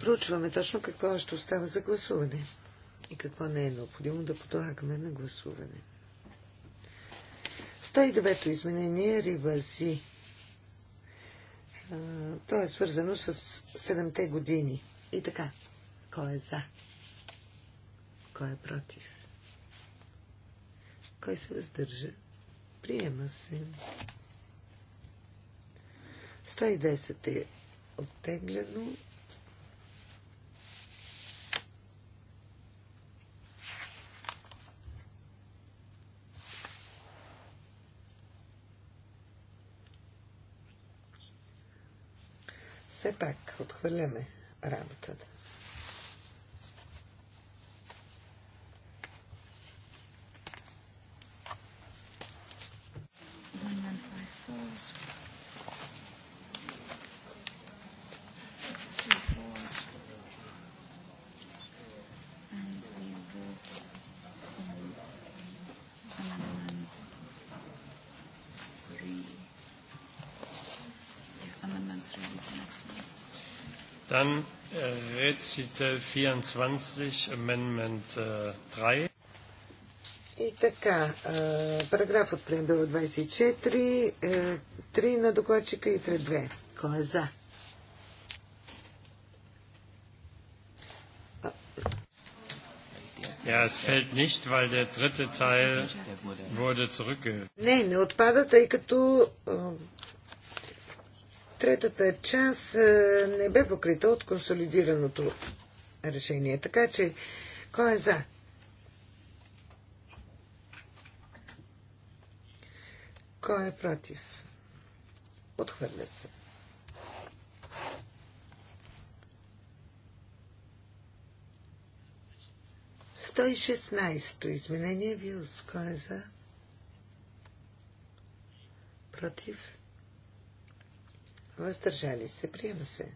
Проучваме точно какво още остава за гласуване и какво не е необходимо да подлагаме на гласуване. 109-то изменение Ривази. То е свързано с 7-те години. И така, кой е за? Кой е против? Кой се въздържа? Приема се. 110 е оттеглено. Все пак отхвърляме работата. Äh, Artikel 24, Amendment 3. Äh, и така, параграф от преамбила 24, 3 на докладчика и 3-2. Кой е за? Ja, es fällt nicht, weil der dritte Teil wurde zurückge... Не, не отпада, тъй като третата част е, не бе покрита от консолидираното решение. Така че, кой е за? Кой е против? Отхвърля се. Сто и шестнайсто изменение Вилс. Кой е за? Против? въздържали се, приема се.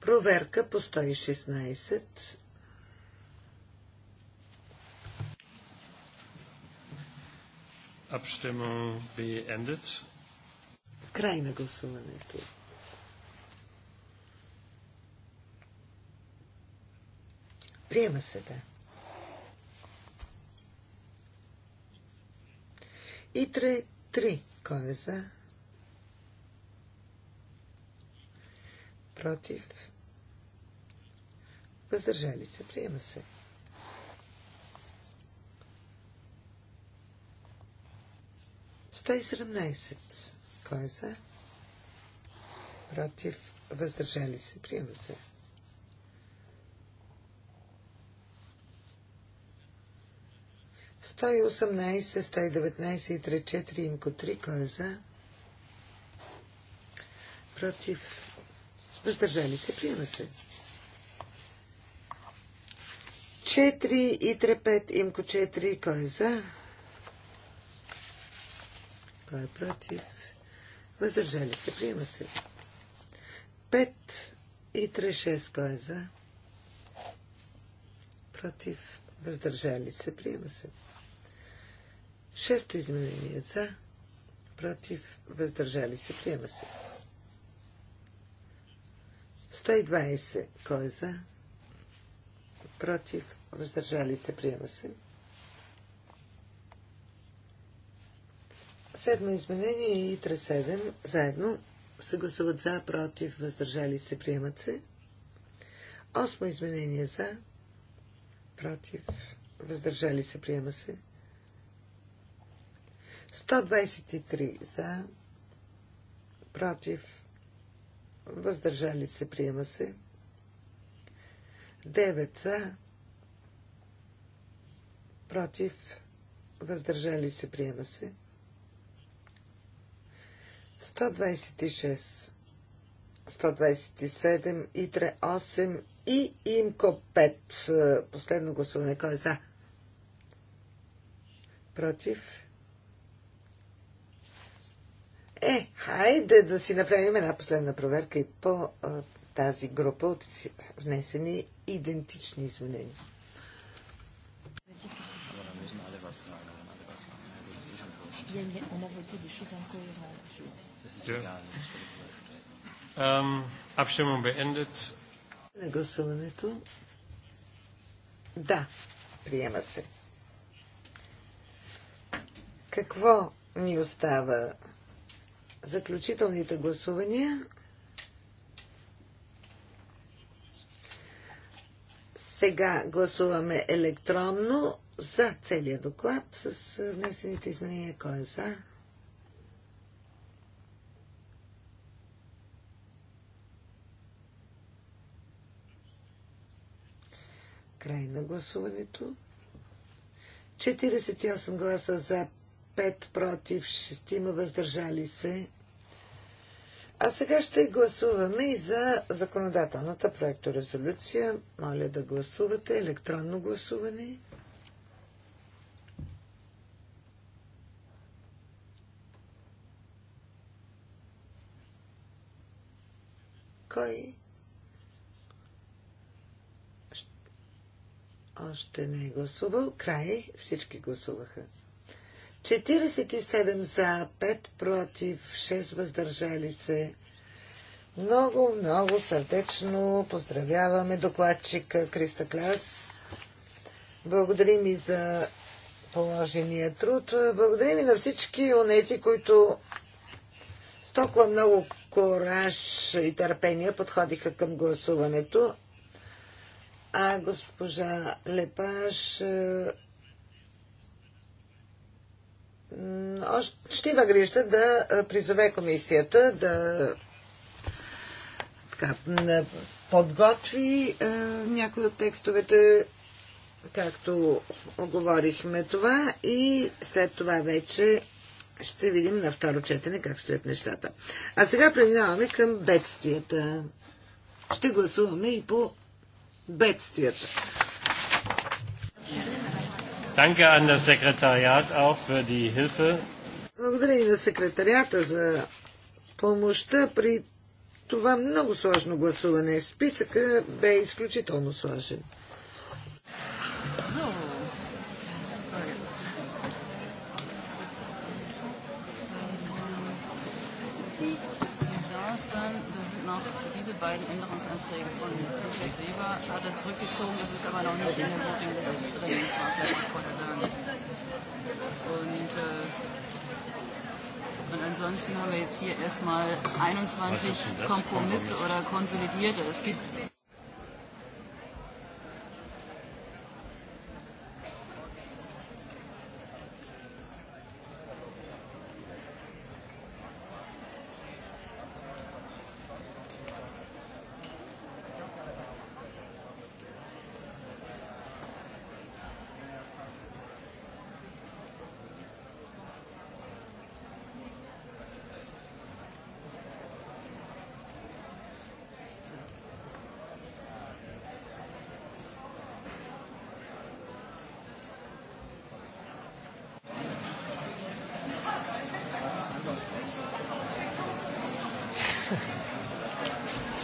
Проверка по 116. Край на гласуването. Приема се, да. И три, 3. Кой е за? Против. Въздържали се. Приема се. Сто и седемнайсет. Кой е за? Против. Въздържали се. Приема се. 118, 119 и 34 имко 3. Кой е за? Против. Въздържали се. Приема се. 4 и 35 имко 4. Кой е за? Кой е против? Въздържали се. Приема се. 5 и 36. Кой е за? Против. Въздържали се. Приема се. Шесто изменение за, против, въздържали се, приема се. 120. Кой е за? Против, въздържали се, приема се. Седмо изменение и 37 заедно се гласуват за, против, въздържали се, приемат се. Осмо изменение за, против, въздържали се, приема се. 123 за, против, въздържали се, приема се. 9 за, против, въздържали се, приема се. 126, 127, ИТРЕ 8 и ИМКО 5. Последно гласуване. Кой е за? Против? Е, хайде да си направим една последна проверка и по а, тази група от внесени идентични изменения. Е, Абстимум На гласуването. Да, приема се. Какво ни остава заключителните гласувания. Сега гласуваме електронно за целия доклад с внесените изменения. Кой е за? Край на гласуването. 48 гласа за, 5 против, 6 въздържали се. А сега ще гласуваме и за законодателната проекторезолюция. Моля да гласувате електронно гласуване. Кой? Още не е гласувал. Край. Всички гласуваха. 47 за, 5 против, 6 въздържали се. Много, много сърдечно поздравяваме докладчика Криста Клас. Благодарим и за положения труд. Благодарим и на всички онези, които с толкова много кораж и търпение подходиха към гласуването. А госпожа Лепаш ще има грижа да призове комисията да така, подготви е, някои от текстовете, както оговорихме това и след това вече ще видим на второ четене как стоят нещата. А сега преминаваме към бедствията. Ще гласуваме и по бедствията. Danke an das Sekretariat auch für die Hilfe. Благодаря и на секретарията за помощта при това много сложно гласуване. Списъка бе изключително сложен diese beiden Änderungsanträge von Herrn Seber hat er zurückgezogen. Das ist aber noch nicht in der Voting List drin, muss man vielleicht vorher sagen. Und, äh, und ansonsten haben wir jetzt hier erstmal 21 Kompromisse oder konsolidierte. Es gibt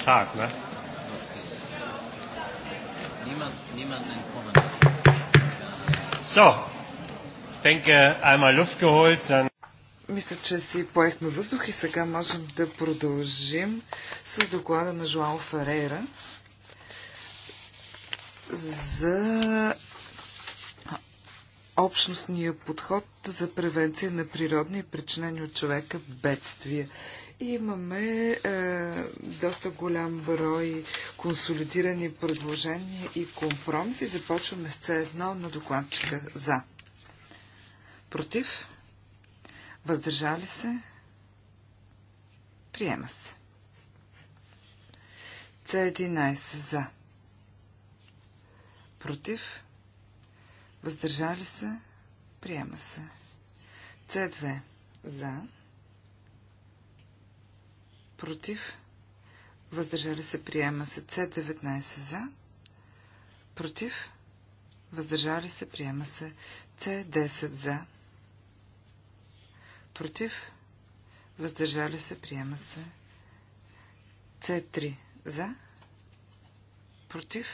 Tag, ne? Niemand, niemand entkommen. So, ich denke, einmal Luft geholt, dann мисля, че си поехме въздух и сега можем да продължим с доклада на Жуал Ферейра за общностния подход за превенция на природни и причинени от човека бедствия. Имаме е, доста голям брой консолидирани предложения и компромиси. Започваме с C1 на докладчика за. Против? Въздържали се? Приема се. C11 за. Против? Въздържали се? Приема се. C2 за против, въздържали се, приема се. С19 за, против, въздържали се, приема се. С10 за, против, въздържали се, приема се. С3 за, против,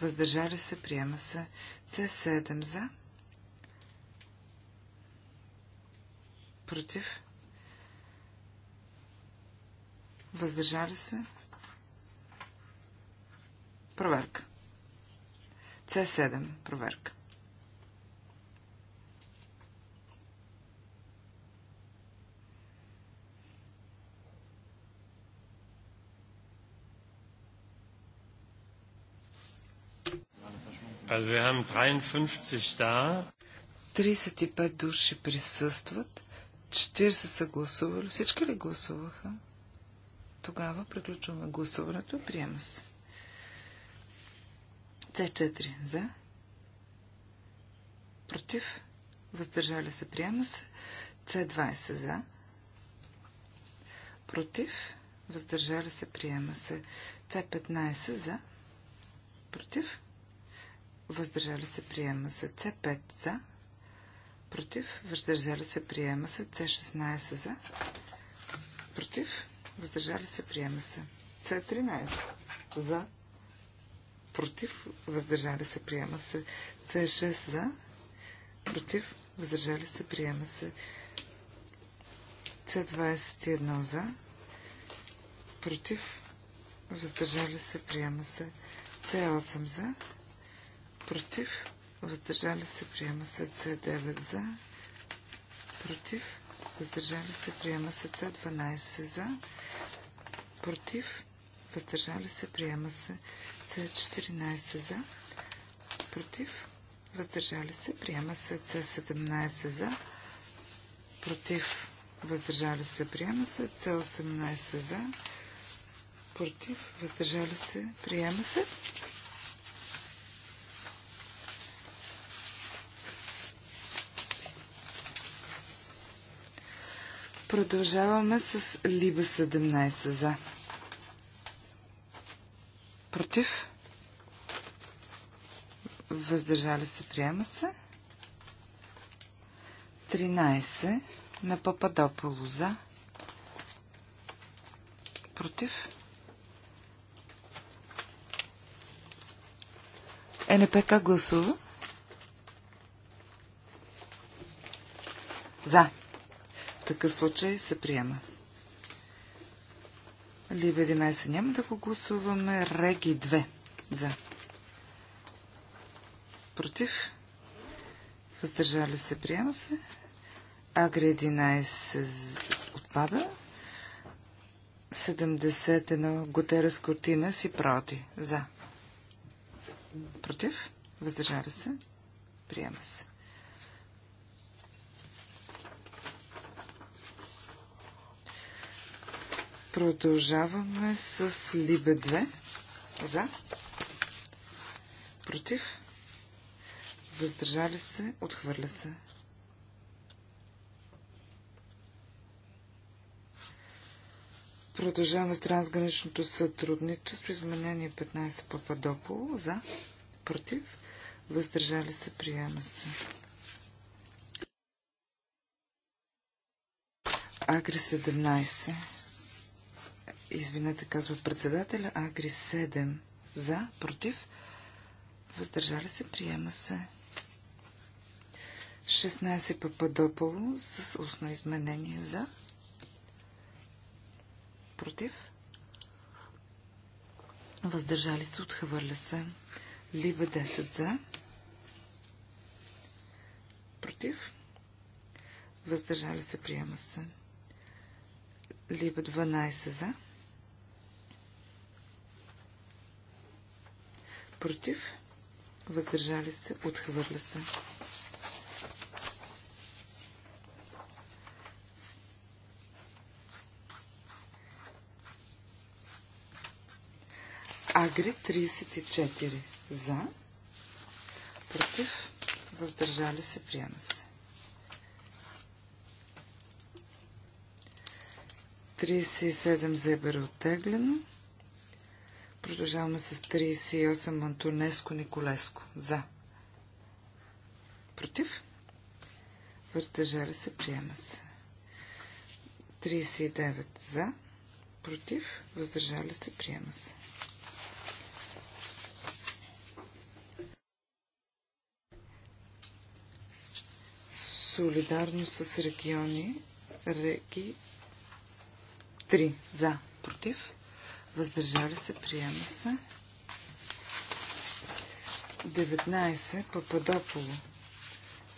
въздържали се, приема се. С7 за, против, Въздържали се. Проверка. С7. Проверка. Also wir haben 53 da. 35 души присъстват. 40 са гласували. Всички ли гласуваха? Тогава приключваме гласуването. Приема се. С4 за. Против. Въздържали се. Приема се. С20 за. Против. Въздържали се. Приема се. С15 за. Против. Въздържали се. Приема се. С5 за. Против. Въздържали се. Приема се. С16 за. Против въздържали се, приема се. С13 за, против, въздържали се, приема се. С6 за, против, въздържали се, приема се. С21 за, против, въздържали се, приема се. С8 за, против, въздържали се, приема се. С9 за, против, въздържали се, приема се с 12 за, против, въздържали се, приема се с 14 за, против, въздържали се, приема се С 17 за, против, въздържали се, приема се с 18 за, против, въздържали се, приема се. Продължаваме с Либа 17 за. Против. Въздържали се, приема се. 13 на Пападополо за. Против. Е, НП как гласува? За такъв случай се приема. Либе 11 няма да го гласуваме. Реги 2 за. Против. Въздържали се, приема се. Агри 11 отпада. 71 с Кортина си проти. За. Против. Въздържали се. Приема се. Продължаваме с Либе 2. За. Против. Въздържали се. Отхвърля се. Продължаваме с трансграничното сътрудничество. Изменение 15 Пападополо. За. Против. Въздържали се. Приема се. Агри 17. Извинете, казва председателя. Агри 7. За, против. Въздържали се, приема се. 16 Пападополо с устно изменение за. Против. Въздържали се, отхвърля се. Либа 10 за. Против. Въздържали се, приема се. Либо 12 за. против, въздържали се, отхвърля се. Агри 34 за, против, въздържали се, приема се. 37 зебера е оттеглено. Продължаваме с 38 Антонеско Николеско. За. Против? Въздържали се, приема се. 39 за. Против? Въздържали се, приема се. Солидарно с региони. Реки 3 за. Против? въздържали се, приема се. 19. Пападополо.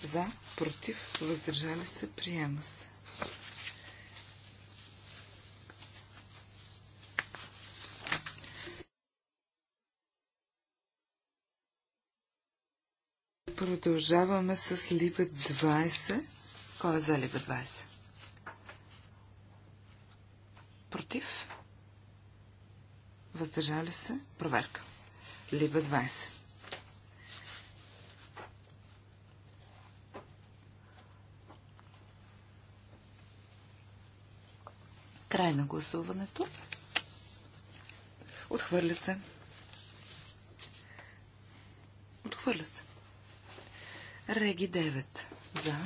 За, против, въздържали се, приема се. Продължаваме с Либе 20. Кой е за Либе 20? Против? Въздържали се? Проверка. Либа, 20. Край на гласуването. Отхвърля се. Отхвърля се. Реги 9. За.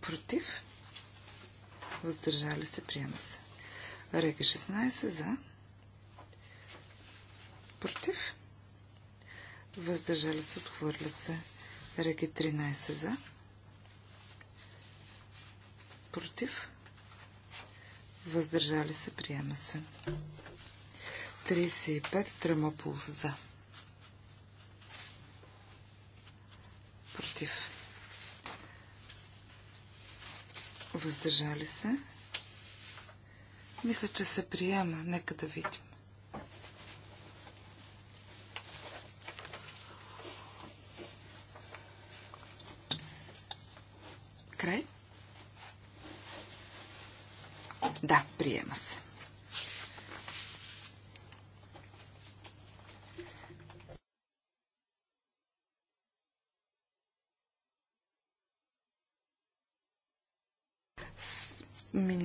Против въздържали се, приема се. Реки 16 за, против, въздържали се, отхвърля се. Реки 13 за, против, въздържали се, приема се. 35 трамопулс за. въздържали се. Мисля, че се приема. Нека да видим.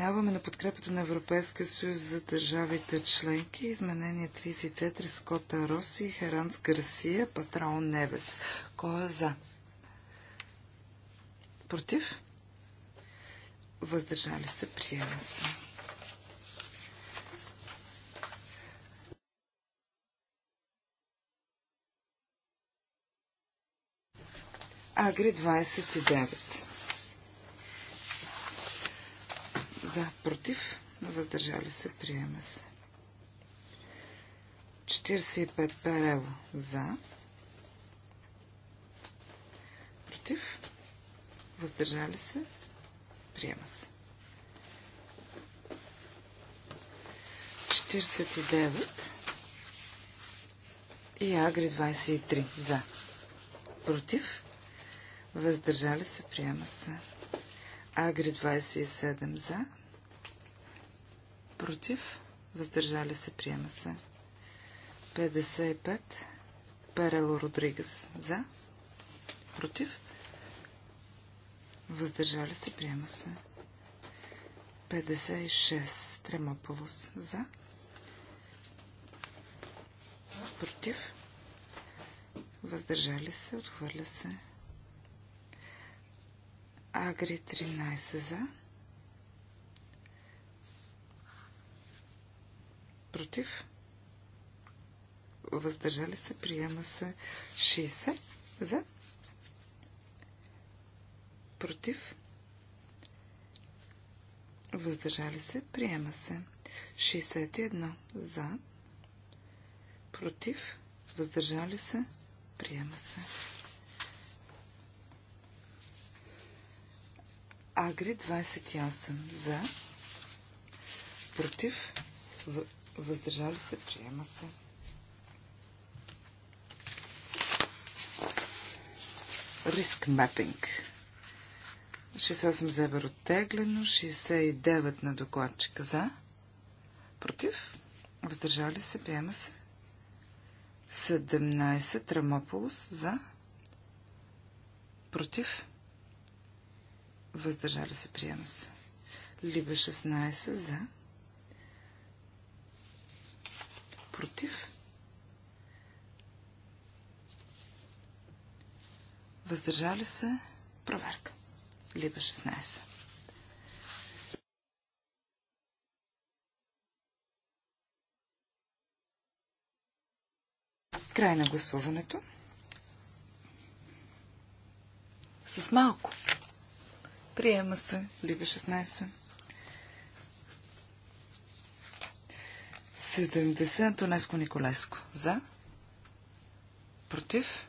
преминаваме на подкрепата на Европейския съюз за държавите членки. Изменение 34 Скота Роси, Херанс Гарсия, Патрон Невес. Кой е за? Против? Въздържали се, приема се. Агри 29. За, против, въздържали се, приема се. 45 перело за. Против, въздържали се, приема се. 49 и Агри 23 за. Против, въздържали се, приема се. Агри 27 за против, въздържали се, приема се. 55. Перело Родригес за, против, въздържали се, приема се. 56. Тремополос за, против, въздържали се, отхвърля се. Агри 13 за, против, въздържали се, приема се 60 за, против, въздържали се, приема се 61 за, против, въздържали се, приема се. Агри 28 за, против, въздържали се, приема се. Риск мапинг. 68 за евро оттеглено, 69 на докладчика за. Против? Въздържали се, приема се. 17 Трамополос за. Против? Въздържали се, приема се. Либе 16 за. против. Въздържали се. Проверка. Либа 16. Край на гласуването. С малко. Приема се. Либа 16. 70 Антонеско Николеско. За. Против.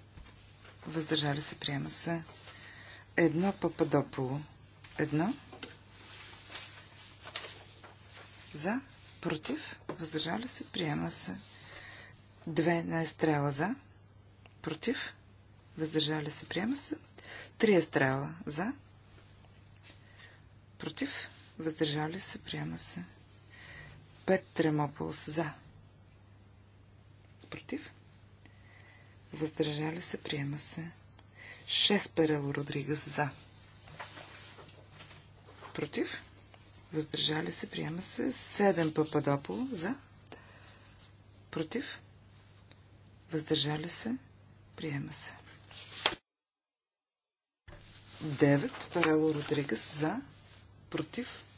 Въздържали се. Приема се. Едно Пападополо. Едно. За. Против. Въздържали се. Приема се. Две на естрела за. Против. Въздържали се. Приема се. Три естрела за. Против. Въздържали се. Приема се трема Тремополс за. Против. Въздържали се, приема се. 6 Перело Родригас за. Против. Въздържали се, приема се. Седем Пападопол за. Против. Въздържали се, приема се. Девет Перело Родригас за. Против.